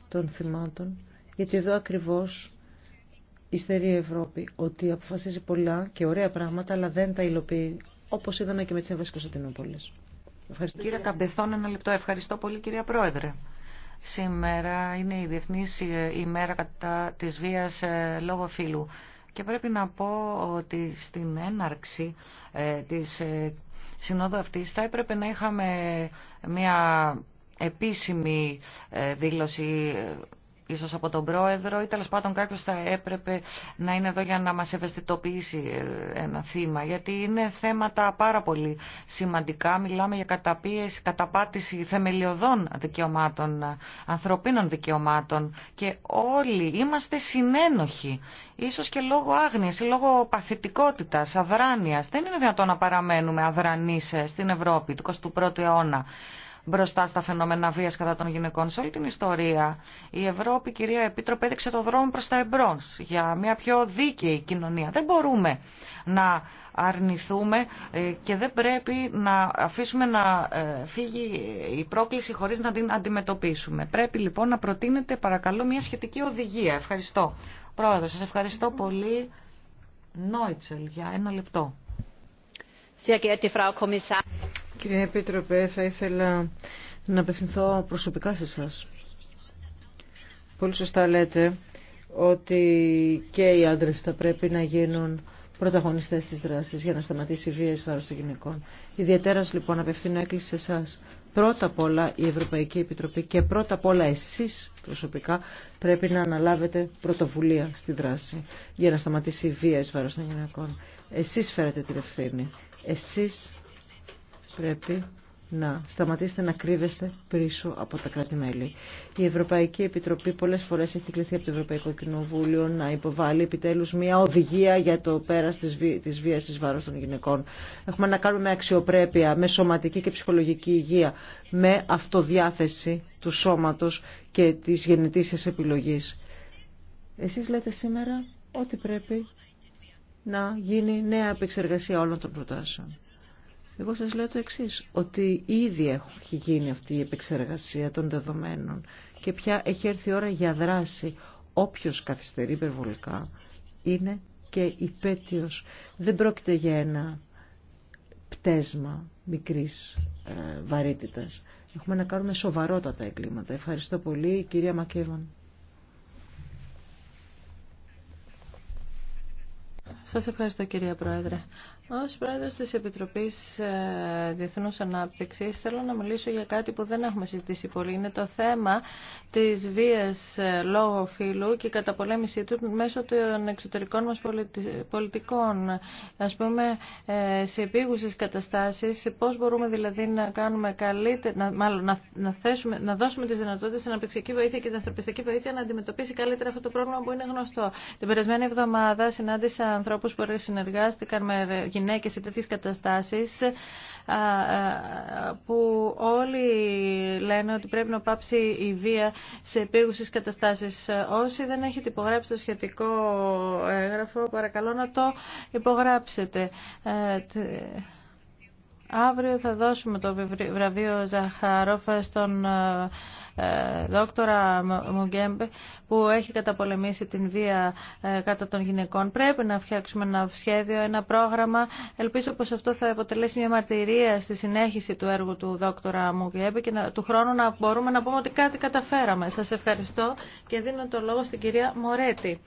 των θυμάτων, γιατί εδώ ακριβώς υστερεί η Ευρώπη ότι αποφασίζει πολλά και ωραία πράγματα αλλά δεν τα υλοποιεί όπως είδαμε και με τι Σύμβαση Κωνσταντινούπολη. Ευχαριστώ. Κύριε Καμπεθόν, ένα λεπτό. Ευχαριστώ πολύ κυρία Πρόεδρε. Σήμερα είναι η διεθνή ημέρα κατά της βίας ε, λόγω φύλου. Και πρέπει να πω ότι στην έναρξη ε, της ε, συνόδου αυτής θα έπρεπε να είχαμε μια επίσημη δήλωση ίσως από τον πρόεδρο ή τέλος πάντων κάποιο θα έπρεπε να είναι εδώ για να μας ευαισθητοποιήσει ε, ένα θύμα γιατί είναι θέματα πάρα πολύ σημαντικά. Μιλάμε για καταπίεση, καταπάτηση θεμελιωδών δικαιωμάτων, ανθρωπίνων δικαιωμάτων και όλοι είμαστε συνένοχοι ίσως και λόγω άγνοιας ή λόγω παθητικότητα αδράνειας. Δεν είναι δυνατόν να παραμένουμε αδρανείς ε, στην Ευρώπη του 21ου αιώνα μπροστά στα φαινόμενα βία κατά των γυναικών. Σε όλη την ιστορία η Ευρώπη, κυρία Επίτροπε, έδειξε το δρόμο προς τα εμπρό για μια πιο δίκαιη κοινωνία. Δεν μπορούμε να αρνηθούμε ε, και δεν πρέπει να αφήσουμε να ε, φύγει η πρόκληση χωρίς να την αντιμετωπίσουμε. Πρέπει λοιπόν να προτείνετε παρακαλώ μια σχετική οδηγία. Ευχαριστώ. Πρόεδρο, σας ευχαριστώ πολύ. Νόιτσελ, για ένα λεπτό. Κύριε Επίτροπε, θα ήθελα να απευθυνθώ προσωπικά σε εσά. Πολύ σωστά λέτε ότι και οι άντρες θα πρέπει να γίνουν πρωταγωνιστές της δράσης για να σταματήσει η βία εις βάρος των γυναικών. Ιδιαίτερα, λοιπόν απευθύνω έκκληση σε εσά. Πρώτα απ' όλα η Ευρωπαϊκή Επιτροπή και πρώτα απ' όλα εσείς προσωπικά πρέπει να αναλάβετε πρωτοβουλία στη δράση για να σταματήσει η βία εις βάρος των γυναικών. Εσείς φέρετε την ευθύνη. Εσείς πρέπει να σταματήσετε να κρύβεστε πίσω από τα κράτη-μέλη. Η Ευρωπαϊκή Επιτροπή πολλές φορές έχει κληθεί από το Ευρωπαϊκό Κοινοβούλιο να υποβάλει επιτέλους μια οδηγία για το πέρας της, βία της βίας της βάρος των γυναικών. Έχουμε να κάνουμε αξιοπρέπεια, με σωματική και ψυχολογική υγεία, με αυτοδιάθεση του σώματος και της γεννητήσιας επιλογής. Εσείς λέτε σήμερα ότι πρέπει να γίνει νέα επεξεργασία όλων των προτάσεων. Εγώ σας λέω το εξής, ότι ήδη έχει γίνει αυτή η επεξεργασία των δεδομένων και πια έχει έρθει η ώρα για δράση. Όποιος καθυστερεί υπερβολικά είναι και υπέτειος. Δεν πρόκειται για ένα πτέσμα μικρής ε, βαρύτητας. Έχουμε να κάνουμε σοβαρότατα εγκλήματα. Ευχαριστώ πολύ, κυρία Μακέβαν. Σας ευχαριστώ κυρία Πρόεδρε. Ως πρόεδρος της Επιτροπής ε, Διεθνούς Ανάπτυξης θέλω να μιλήσω για κάτι που δεν έχουμε συζητήσει πολύ. Είναι το θέμα της βίας ε, λόγω φύλου και η καταπολέμησή του μέσω των εξωτερικών μας πολιτικών. Ας πούμε, ε, σε επίγουσες καταστάσεις, πώς μπορούμε δηλαδή να κάνουμε καλύτερα, να, μάλλον να, να, θέσουμε, να δώσουμε τις δυνατότητες στην αναπτυξιακή βοήθεια και την ανθρωπιστική βοήθεια να αντιμετωπίσει καλύτερα αυτό το πρόβλημα που είναι γνωστό. Την περασμένη εβδομάδα συνάντησα ανθρώπους που συνεργάστηκαν με και σε τέτοιε καταστάσει που όλοι λένε ότι πρέπει να πάψει η βία σε επίγουσες καταστάσεις. Όσοι δεν έχετε υπογράψει το σχετικό έγγραφο, παρακαλώ να το υπογράψετε. Ε, Αύριο θα δώσουμε το βραβείο Ζαχαρόφα στον ε, ε, δόκτορα Μουγκέμπε που έχει καταπολεμήσει την βία ε, κατά των γυναικών. Πρέπει να φτιάξουμε ένα σχέδιο, ένα πρόγραμμα. Ελπίζω πως αυτό θα αποτελέσει μια μαρτυρία στη συνέχιση του έργου του δόκτορα Μουγκέμπε και του χρόνου να μπορούμε να πούμε ότι κάτι καταφέραμε. Σας ευχαριστώ και δίνω το λόγο στην κυρία Μορέτη.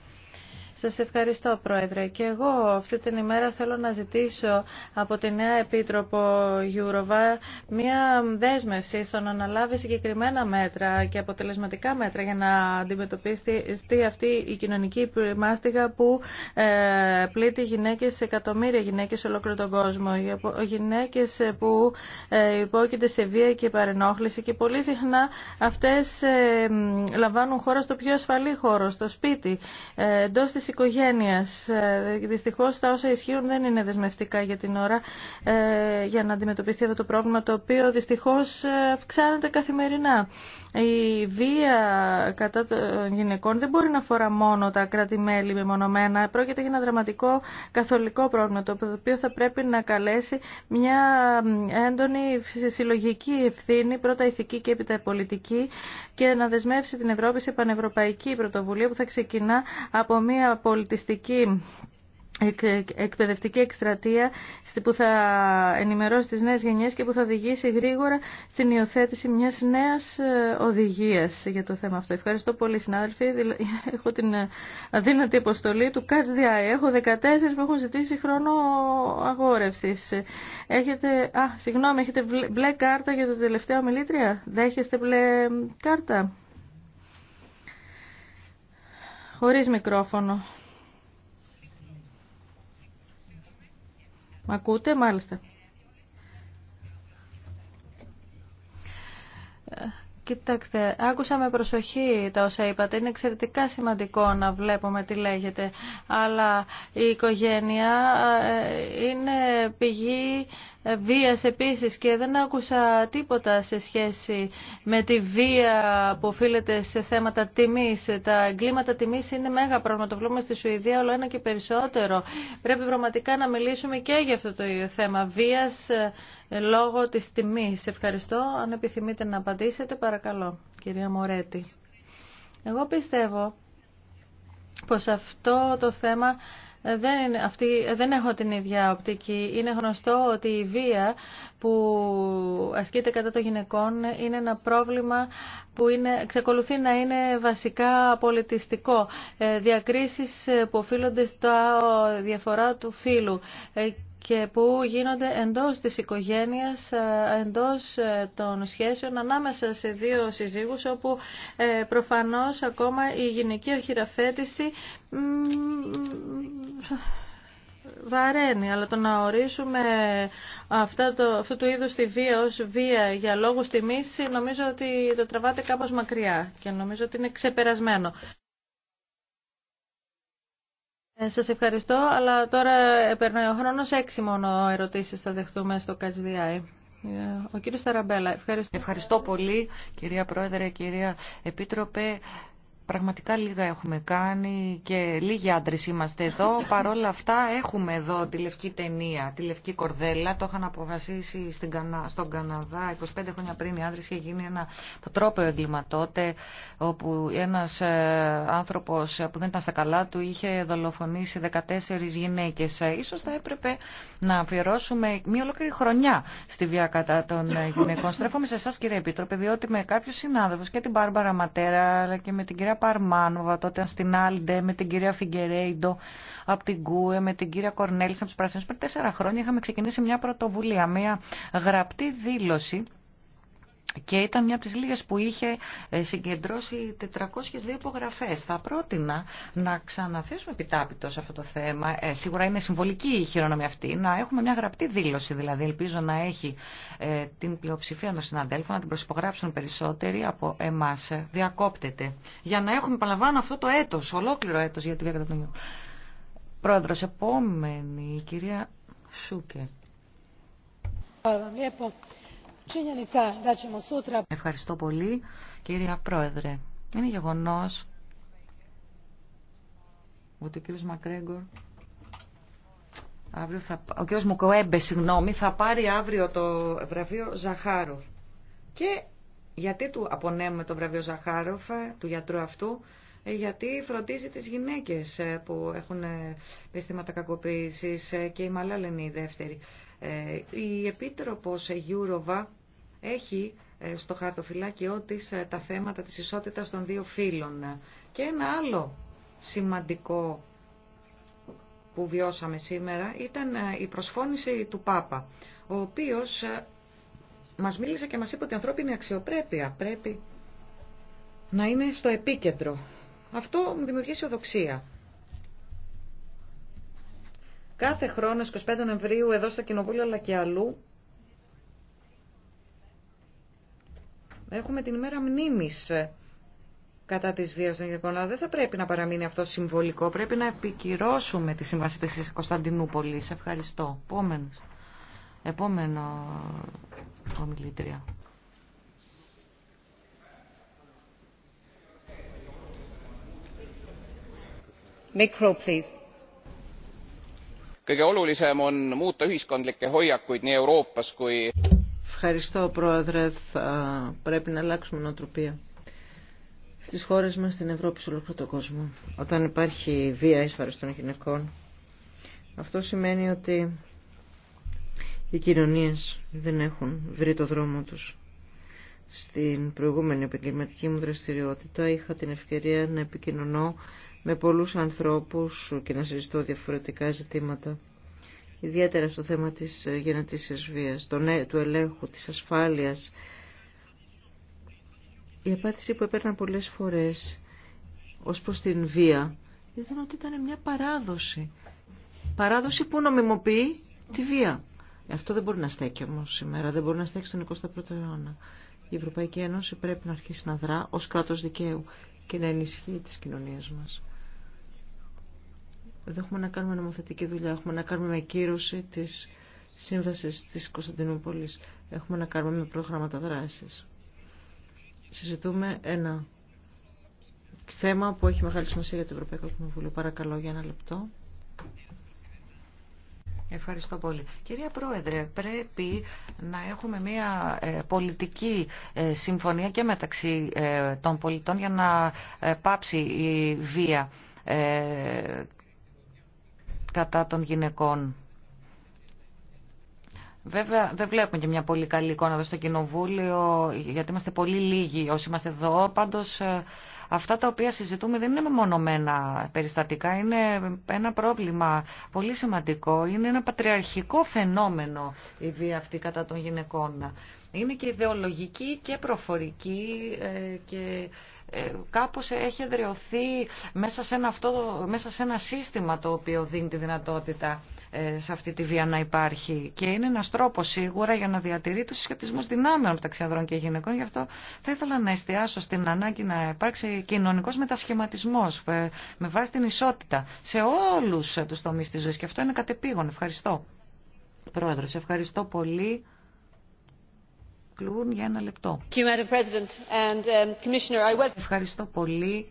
Σας ευχαριστώ Πρόεδρε και εγώ αυτή την ημέρα θέλω να ζητήσω από τη νέα Επίτροπο Γιούροβα μια δέσμευση στο να αναλάβει συγκεκριμένα μέτρα και αποτελεσματικά μέτρα για να αντιμετωπίσει αυτή η κοινωνική μάστιγα που ε, πλήττει γυναίκες, εκατομμύρια γυναίκες σε ολόκληρο τον κόσμο. Γυναίκες που ε, υπόκειται σε βία και παρενόχληση και πολύ συχνά αυτές ε, λαμβάνουν χώρα στο πιο ασφαλή χώρο, στο σπίτι, της οικογένειας. Ε, δυστυχώς τα όσα ισχύουν δεν είναι δεσμευτικά για την ώρα ε, για να αντιμετωπιστεί αυτό το πρόβλημα το οποίο δυστυχώς ε, αυξάνεται καθημερινά. Η βία κατά των γυναικών δεν μπορεί να αφορά μόνο τα κράτη-μέλη μεμονωμένα. Πρόκειται για ένα δραματικό καθολικό πρόβλημα, το οποίο θα πρέπει να καλέσει μια έντονη συλλογική ευθύνη, πρώτα ηθική και έπειτα πολιτική, και να δεσμεύσει την Ευρώπη σε πανευρωπαϊκή πρωτοβουλία που θα ξεκινά από μια πολιτιστική εκπαιδευτική εκστρατεία που θα ενημερώσει τις νέες γενιές και που θα οδηγήσει γρήγορα στην υιοθέτηση μιας νέας ε, οδηγίας για το θέμα αυτό. Ευχαριστώ πολύ συνάδελφοι. *laughs* Έχω την ε, αδύνατη αποστολή του Catch Έχω 14 που έχουν ζητήσει χρόνο αγόρευσης. Έχετε... Α, συγγνώμη, έχετε μπλε κάρτα για το τελευταίο μιλήτρια. Δέχεστε μπλε κάρτα. Χωρίς μικρόφωνο. Μ' ακούτε, μάλιστα. Κοιτάξτε, άκουσα με προσοχή τα όσα είπατε. Είναι εξαιρετικά σημαντικό να βλέπουμε τι λέγεται. Αλλά η οικογένεια ε, είναι πηγή βίας επίσης και δεν άκουσα τίποτα σε σχέση με τη βία που οφείλεται σε θέματα τιμής. Τα εγκλήματα τιμής είναι μέγα πρόβλημα. Το βλέπουμε στη Σουηδία όλο ένα και περισσότερο. Πρέπει πραγματικά να μιλήσουμε και για αυτό το θέμα βίας ε, λόγω της τιμής. Ευχαριστώ. Αν επιθυμείτε να απαντήσετε, παρακαλώ, κυρία Μωρέτη. Εγώ πιστεύω πως αυτό το θέμα δεν, αυτή, δεν έχω την ίδια οπτική. Είναι γνωστό ότι η βία που ασκείται κατά των γυναικών είναι ένα πρόβλημα που είναι, εξακολουθεί να είναι βασικά πολιτιστικό. Ε, διακρίσεις που οφείλονται στο διαφορά του φύλου ε, και που γίνονται εντός της οικογένειας, ε, εντός ε, των σχέσεων ανάμεσα σε δύο συζύγους όπου ε, προφανώς ακόμα η γυναική οχυραφέτηση βαραίνει, αλλά το να ορίσουμε αυτά το, αυτού του είδους τη βία ως βία για λόγους τιμής νομίζω ότι το τραβάτε κάπως μακριά και νομίζω ότι είναι ξεπερασμένο. Ε, σας ευχαριστώ, αλλά τώρα περνάει ο χρόνος. Έξι μόνο ερωτήσεις θα δεχτούμε στο ΚΑΤΣΔΙ. Ε, ο κύριος Σαραμπέλα, ευχαριστώ. Ευχαριστώ πολύ, κυρία Πρόεδρε, κυρία Επίτροπε. Πραγματικά λίγα έχουμε κάνει και λίγοι άντρε είμαστε εδώ. *laughs* Παρ' όλα αυτά έχουμε εδώ τη λευκή ταινία, τη λευκή κορδέλα. Το είχαν αποφασίσει στην στον Καναδά 25 χρόνια πριν οι άντρε είχε γίνει ένα τρόπο έγκλημα τότε, όπου ένα ε, άνθρωπο που δεν ήταν στα καλά του είχε δολοφονήσει 14 γυναίκε. Ίσως θα έπρεπε να αφιερώσουμε μια ολόκληρη χρονιά στη βία κατά των ε, γυναικών. *laughs* Στρέφομαι σε εσά κύριε Επίτροπε, διότι με κάποιου συνάδελφου και την Μπάρμπαρα Ματέρα αλλά και με την κυρία Παρμάνοβα, τότε στην Άλντε, με την κυρία Φιγκερέιντο από την ΚΟΕ, με την κυρία Κορνέλη από του Πρασίνου. Πριν τέσσερα χρόνια είχαμε ξεκινήσει μια πρωτοβουλία, μια γραπτή δήλωση και ήταν μια από τις λίγες που είχε ε, συγκεντρώσει 402 υπογραφές. Θα πρότεινα να ξαναθέσουμε επιτάπητο σε αυτό το θέμα. Ε, σίγουρα είναι συμβολική η χειρονομία αυτή. Να έχουμε μια γραπτή δήλωση, δηλαδή ελπίζω να έχει ε, την πλειοψηφία των συναντέλφων, να την προσυπογράψουν περισσότεροι από εμάς. Διακόπτεται. Για να έχουμε, επαναλαμβάνω, αυτό το έτο, ολόκληρο έτος για τη βία τον επόμενη, η κυρία Σούκε. Ευχαριστώ πολύ, κύριε Πρόεδρε. Είναι γεγονός ότι ο κύριος Μακρέγκορ αύριο θα, ο κύριος Μουκοέμπε συγγνώμη, θα πάρει αύριο το βραβείο Ζαχάροφ. Και γιατί του απονέμουμε το βραβείο Ζαχάροφ, του γιατρού αυτού, ε, γιατί φροντίζει τις γυναίκες ε, που έχουν αισθήματα ε, κακοποίησης και η Μαλάλα είναι η δεύτερη. Ε, η Επίτροπος Γιούροβα έχει ε, στο χαρτοφυλάκιό της ε, τα θέματα της ισότητας των δύο φύλων. Και ένα άλλο σημαντικό που βιώσαμε σήμερα ήταν η προσφώνηση του Πάπα, ο οποίος μας μίλησε και μας είπε ότι η ανθρώπινη αξιοπρέπεια πρέπει να είναι στο επίκεντρο. Αυτό μου δημιουργεί αισιοδοξία. Κάθε χρόνο, 25 Νοεμβρίου, εδώ στο Κοινοβούλιο αλλά και αλλού, έχουμε την ημέρα μνήμης ε, κατά της βίας των γυναικών. δεν θα πρέπει να παραμείνει αυτό συμβολικό. Πρέπει να επικυρώσουμε τη σύμβαση της Κωνσταντινούπολης. Ευχαριστώ. Επόμενος. Επόμενο ομιλήτρια. Μικρό, please. Ευχαριστώ Πρόεδρε. Θα πρέπει να αλλάξουμε νοοτροπία. Στις χώρες μας, στην Ευρώπη, σε ολόκληρο τον κόσμο. Όταν υπάρχει βία εις των γυναικών, αυτό σημαίνει ότι οι κοινωνίες δεν έχουν βρει το δρόμο τους. Στην προηγούμενη επαγγελματική μου δραστηριότητα είχα την ευκαιρία να επικοινωνώ με πολλούς ανθρώπους και να συζητώ διαφορετικά ζητήματα, ιδιαίτερα στο θέμα της ε, γενετήσιας βίας, του ελέγχου, της ασφάλειας. Η απάντηση που έπαιρναν πολλές φορές ως προς την βία ήταν ότι ήταν μια παράδοση. Παράδοση που νομιμοποιεί τη βία. Αυτό δεν μπορεί να στέκει όμως σήμερα, δεν μπορεί να στέκει στον 21ο αιώνα. Η Ευρωπαϊκή Ένωση πρέπει να αρχίσει να δρά ως κράτος δικαίου και να ενισχύει τις κοινωνίες μας. Δεν έχουμε να κάνουμε νομοθετική δουλειά, έχουμε να κάνουμε με κύρωση της σύμβαση της Κωνσταντινούπολη. Έχουμε να κάνουμε με προγράμματα δράσης. Συζητούμε ένα θέμα που έχει μεγάλη σημασία για το Ευρωπαϊκό Κοινοβούλιο. Παρακαλώ για ένα λεπτό. Ευχαριστώ πολύ. Κυρία Πρόεδρε, πρέπει να έχουμε μια ε, πολιτική ε, συμφωνία και μεταξύ ε, των πολιτών για να πάψει η βία κατά των γυναικών. Βέβαια δεν βλέπουμε και μια πολύ καλή εικόνα εδώ στο Κοινοβούλιο γιατί είμαστε πολύ λίγοι όσοι είμαστε εδώ. Πάντω, ε, αυτά τα οποία συζητούμε δεν είναι μεμονωμένα περιστατικά. Είναι ένα πρόβλημα πολύ σημαντικό. Είναι ένα πατριαρχικό φαινόμενο η βία αυτή κατά των γυναικών. Είναι και ιδεολογική και προφορική ε, και ε, κάπως έχει εδραιωθεί μέσα σε, ένα αυτό, μέσα σε ένα σύστημα το οποίο δίνει τη δυνατότητα ε, σε αυτή τη βία να υπάρχει και είναι ένας τρόπος σίγουρα για να διατηρεί τους σχετισμούς δυνάμεων μεταξύ ανδρών και γυναικών γι' αυτό θα ήθελα να εστιάσω στην ανάγκη να υπάρξει κοινωνικός μετασχηματισμός ε, με βάση την ισότητα σε όλους τους τομείς της ζωής και αυτό είναι κατεπήγον. Ευχαριστώ. Πρόεδρος, ευχαριστώ πολύ. Κλούν για ένα λεπτό. Um, Ευχαριστώ πολύ.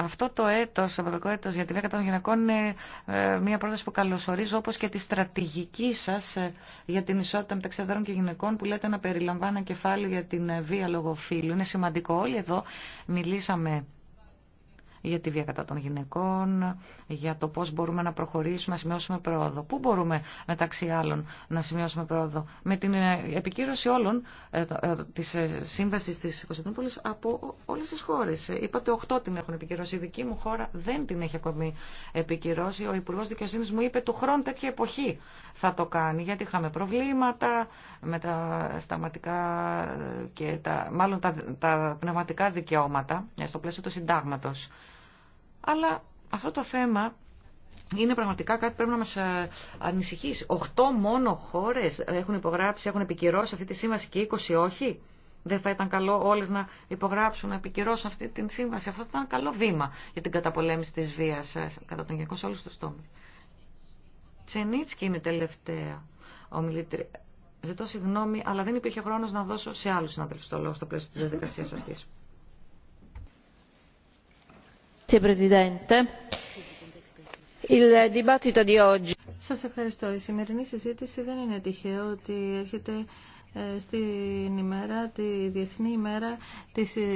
Αυτό το έτος, το Ευρωπαϊκό Έτος για τη Βέκα των Γυναικών είναι ε, μια πρόταση που καλωσορίζω όπως και τη στρατηγική σας ε, για την ισότητα μεταξύ ανδρών και γυναικών που λέτε να περιλαμβάνει ένα κεφάλαιο για την ε, βία λογοφύλου. Είναι σημαντικό όλοι εδώ μιλήσαμε για τη βία κατά των γυναικών, για το πώς μπορούμε να προχωρήσουμε, να σημειώσουμε πρόοδο. Πού μπορούμε μεταξύ άλλων να σημειώσουμε πρόοδο. Με την ε, επικύρωση όλων ε, ε, της σύμβασης της Κωνσταντινούπολης από όλες τις χώρες. Είπατε 8 την έχουν επικυρώσει. Η δική μου χώρα δεν την έχει ακόμη επικυρώσει. Ο Υπουργό Δικαιοσύνη μου είπε του χρόνου τέτοια εποχή θα το κάνει, γιατί είχαμε προβλήματα με τα σταματικά και τα, μάλλον τα, τα πνευματικά δικαιώματα στο πλαίσιο του συντάγματος. Αλλά αυτό το θέμα είναι πραγματικά κάτι που πρέπει να μας ε, ανησυχήσει. Οχτώ μόνο χώρες έχουν υπογράψει, έχουν επικυρώσει αυτή τη σύμβαση και είκοσι όχι. Δεν θα ήταν καλό όλε να υπογράψουν, να επικυρώσουν αυτή την σύμβαση. Αυτό θα ήταν ένα καλό βήμα για την καταπολέμηση τη βία ε, κατά τον γενικό σε όλου του τόμου. Τσενίτσκι είναι τελευταία ομιλήτρια. Ζητώ συγγνώμη, αλλά δεν υπήρχε χρόνο να δώσω σε άλλου συναδέλφου το λόγο στο πλαίσιο τη διαδικασία αυτή. Signor Σας ευχαριστώ. Η σημερινή συζήτηση δεν είναι τυχαίο ότι έρχεται ε, στην ημέρα, τη Διεθνή ημέρα της ε,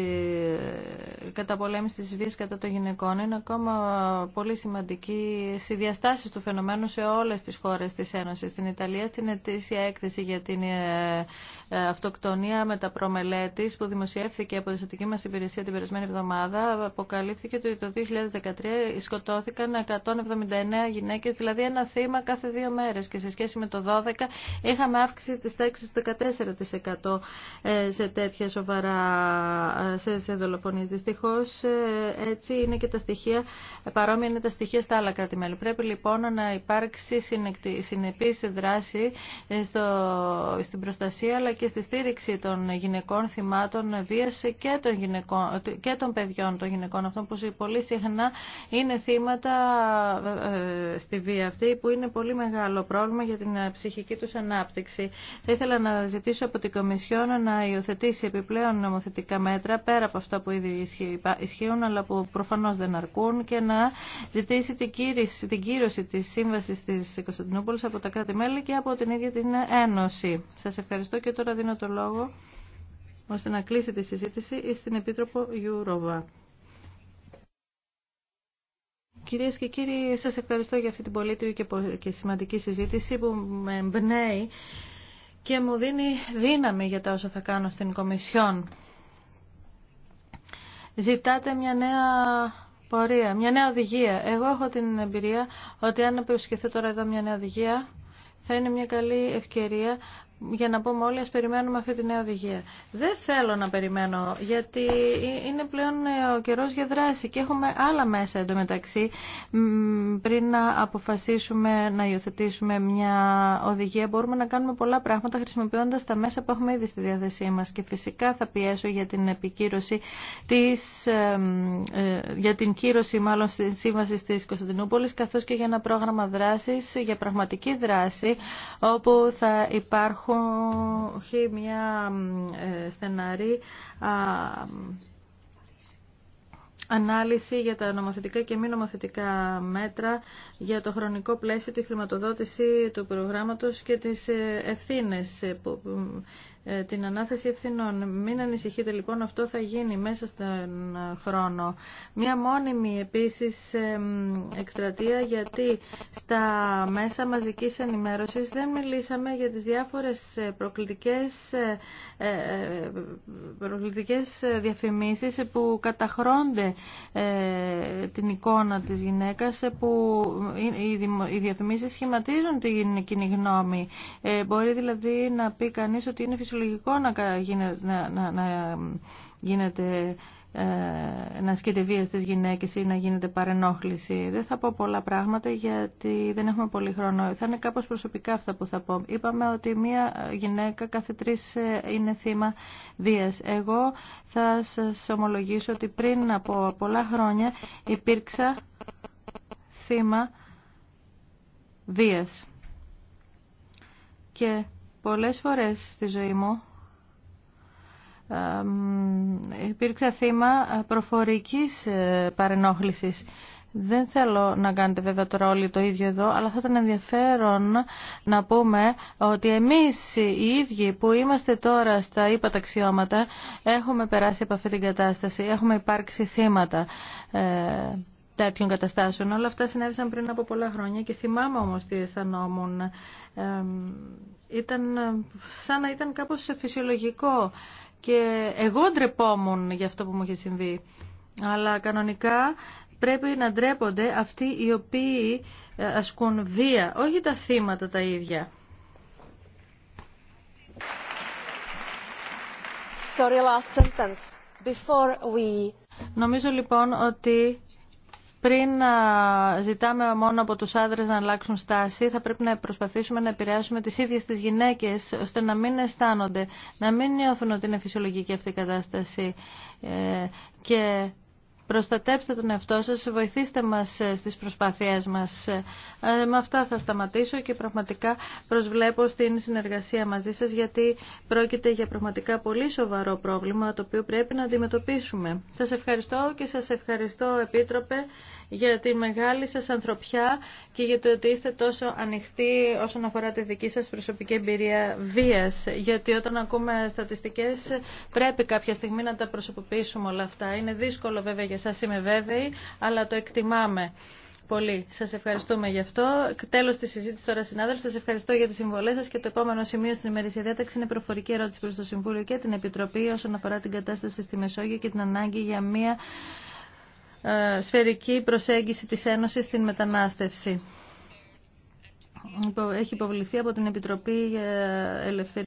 καταπολέμησης της βίας κατά των γυναικών. Είναι ακόμα πολύ σημαντική στη διαστάσεις του φαινομένου σε όλες τις χώρες της Ένωσης. Στην Ιταλία, στην ετήσια έκθεση για την ε, αυτοκτονία με τα προμελέτης που δημοσιεύθηκε από τη σωτική μας Υπηρεσία την περασμένη εβδομάδα, αποκαλύφθηκε ότι το 2013 σκοτώθηκαν 179 γυναίκες, δηλαδή ένα θύμα κάθε δύο μέρες και σε σχέση με το 12 είχαμε αύξηση της τάξης του 14%. 4% ε, σε τέτοια σοβαρά ε, σε, σε δολοφονίες. Δυστυχώς ε, έτσι είναι και τα στοιχεία, παρόμοια είναι τα στοιχεία στα άλλα κράτη-μέλη. Πρέπει λοιπόν να υπάρξει συνεπής δράση στο, στην προστασία αλλά και στη στήριξη των γυναικών θυμάτων βίας και των, γυναικών, και των παιδιών των γυναικών αυτών που πολύ συχνά είναι θύματα στη βία αυτή που είναι πολύ μεγάλο πρόβλημα για την ψυχική τους ανάπτυξη. Θα ήθελα να ζητήσω από την Κομισιόν να υιοθετήσει επιπλέον νομοθετικά μέτρα πέρα από αυτά που ήδη ισχύουν αλλά που προφανώς δεν αρκούν και να ζητήσει την, κύρωση, την κύρωση της Σύμβασης της Κωνσταντινούπολης από τα κράτη-μέλη και από την ίδια την Ένωση. Σας ευχαριστώ και τώρα δίνω το λόγο ώστε να κλείσει τη συζήτηση στην Επίτροπο Γιούροβα. Κυρίες και κύριοι, σας ευχαριστώ για αυτή την πολύτιμη και σημαντική συζήτηση που με εμπνέει και μου δίνει δύναμη για τα όσα θα κάνω στην Κομισιόν. Ζητάτε μια νέα πορεία, μια νέα οδηγία. Εγώ έχω την εμπειρία ότι αν επισκεφθώ τώρα εδώ μια νέα οδηγία, θα είναι μια καλή ευκαιρία για να πούμε όλοι, ας περιμένουμε αυτή τη νέα οδηγία. Δεν θέλω να περιμένω, γιατί είναι πλέον ε, ο καιρός για δράση και έχουμε άλλα μέσα εντωμεταξύ πριν να αποφασίσουμε να υιοθετήσουμε μια οδηγία. Μπορούμε να κάνουμε πολλά πράγματα χρησιμοποιώντας τα μέσα που έχουμε ήδη στη διάθεσή μας και φυσικά θα πιέσω για την επικύρωση της, ε, ε, για την κύρωση μάλλον της σύμβάση της Κωνσταντινούπολης καθώς και για ένα πρόγραμμα δράσης, για πραγματική δράση όπου θα υπάρχουν υπάρχει μια ε, στεναρή ανάλυση για τα νομοθετικά και μη νομοθετικά μέτρα για το χρονικό πλαίσιο, τη χρηματοδότηση του προγράμματος και τις ε, ευθύνες ε, ε, την ανάθεση ευθυνών. Μην ανησυχείτε λοιπόν, αυτό θα γίνει μέσα στον χρόνο. Μία μόνιμη επίσης εκστρατεία γιατί στα μέσα μαζικής ενημέρωσης δεν μιλήσαμε για τις διάφορες ε, προκλητικές, ε, προκλητικές διαφημίσεις που καταχρώνται την εικόνα της γυναίκας που οι διαφημίσεις σχηματίζουν την κοινή γνώμη. Μπορεί δηλαδή να πει κανείς ότι είναι φυσικό φυσιολογικό να, γίνεται, να, να, να, γίνεται, ε, να ασκείται βία στις γυναίκες ή να γίνεται παρενόχληση. Δεν θα πω πολλά πράγματα γιατί δεν έχουμε πολύ χρόνο. Θα είναι κάπως προσωπικά αυτά που θα πω. Είπαμε ότι μία γυναίκα κάθε τρεις ε, είναι θύμα βίας. Εγώ θα σας ομολογήσω ότι πριν από πολλά χρόνια υπήρξα θύμα βίας. Και Πολλές φορές στη ζωή μου υπήρξα θύμα προφορικής ε, παρενόχλησης. Δεν θέλω να κάνετε βέβαια τώρα όλοι το ίδιο εδώ, αλλά θα ήταν ενδιαφέρον να πούμε ότι εμείς οι ίδιοι που είμαστε τώρα στα ύπαταξιώματα έχουμε περάσει από αυτή την κατάσταση, έχουμε υπάρξει θύματα. Ε, τέτοιων καταστάσεων. Όλα αυτά συνέβησαν πριν από πολλά χρόνια και θυμάμαι όμως τι αισθανόμουν. Ε, ήταν σαν να ήταν κάπως φυσιολογικό και εγώ ντρεπόμουν για αυτό που μου είχε συμβεί. Αλλά κανονικά πρέπει να ντρέπονται αυτοί οι οποίοι ε, ασκούν βία, όχι τα θύματα τα ίδια. Sorry, last sentence. Before we... Νομίζω λοιπόν ότι πριν ζητάμε μόνο από τους άντρες να αλλάξουν στάση, θα πρέπει να προσπαθήσουμε να επηρεάσουμε τις ίδιες τις γυναίκες, ώστε να μην αισθάνονται, να μην νιώθουν ότι είναι φυσιολογική αυτή η κατάσταση ε, και Προστατέψτε τον εαυτό σας, βοηθήστε μας ε, στις προσπάθειές μας. Ε, με αυτά θα σταματήσω και πραγματικά προσβλέπω στην συνεργασία μαζί σας γιατί πρόκειται για πραγματικά πολύ σοβαρό πρόβλημα το οποίο πρέπει να αντιμετωπίσουμε. Σας ευχαριστώ και σας ευχαριστώ Επίτροπε για τη μεγάλη σας ανθρωπιά και για το ότι είστε τόσο ανοιχτοί όσον αφορά τη δική σας προσωπική εμπειρία βίας. Γιατί όταν ακούμε στατιστικές πρέπει κάποια στιγμή να τα προσωποποιήσουμε όλα αυτά. Είναι δύσκολο βέβαια για σας είμαι βέβαιη, αλλά το εκτιμάμε πολύ. Σας ευχαριστούμε γι' αυτό. Τέλος της συζήτησης τώρα, συνάδελφοι. Σας ευχαριστώ για τις συμβολές σας και το επόμενο σημείο στην ημερήσια διάταξη είναι προφορική ερώτηση προς το Συμβούλιο και την Επιτροπή όσον αφορά την κατάσταση στη Μεσόγειο και την ανάγκη για μια ε, σφαιρική προσέγγιση της Ένωσης στην μετανάστευση. Έχει υποβληθεί από την Επιτροπή ε, Ελευθερία.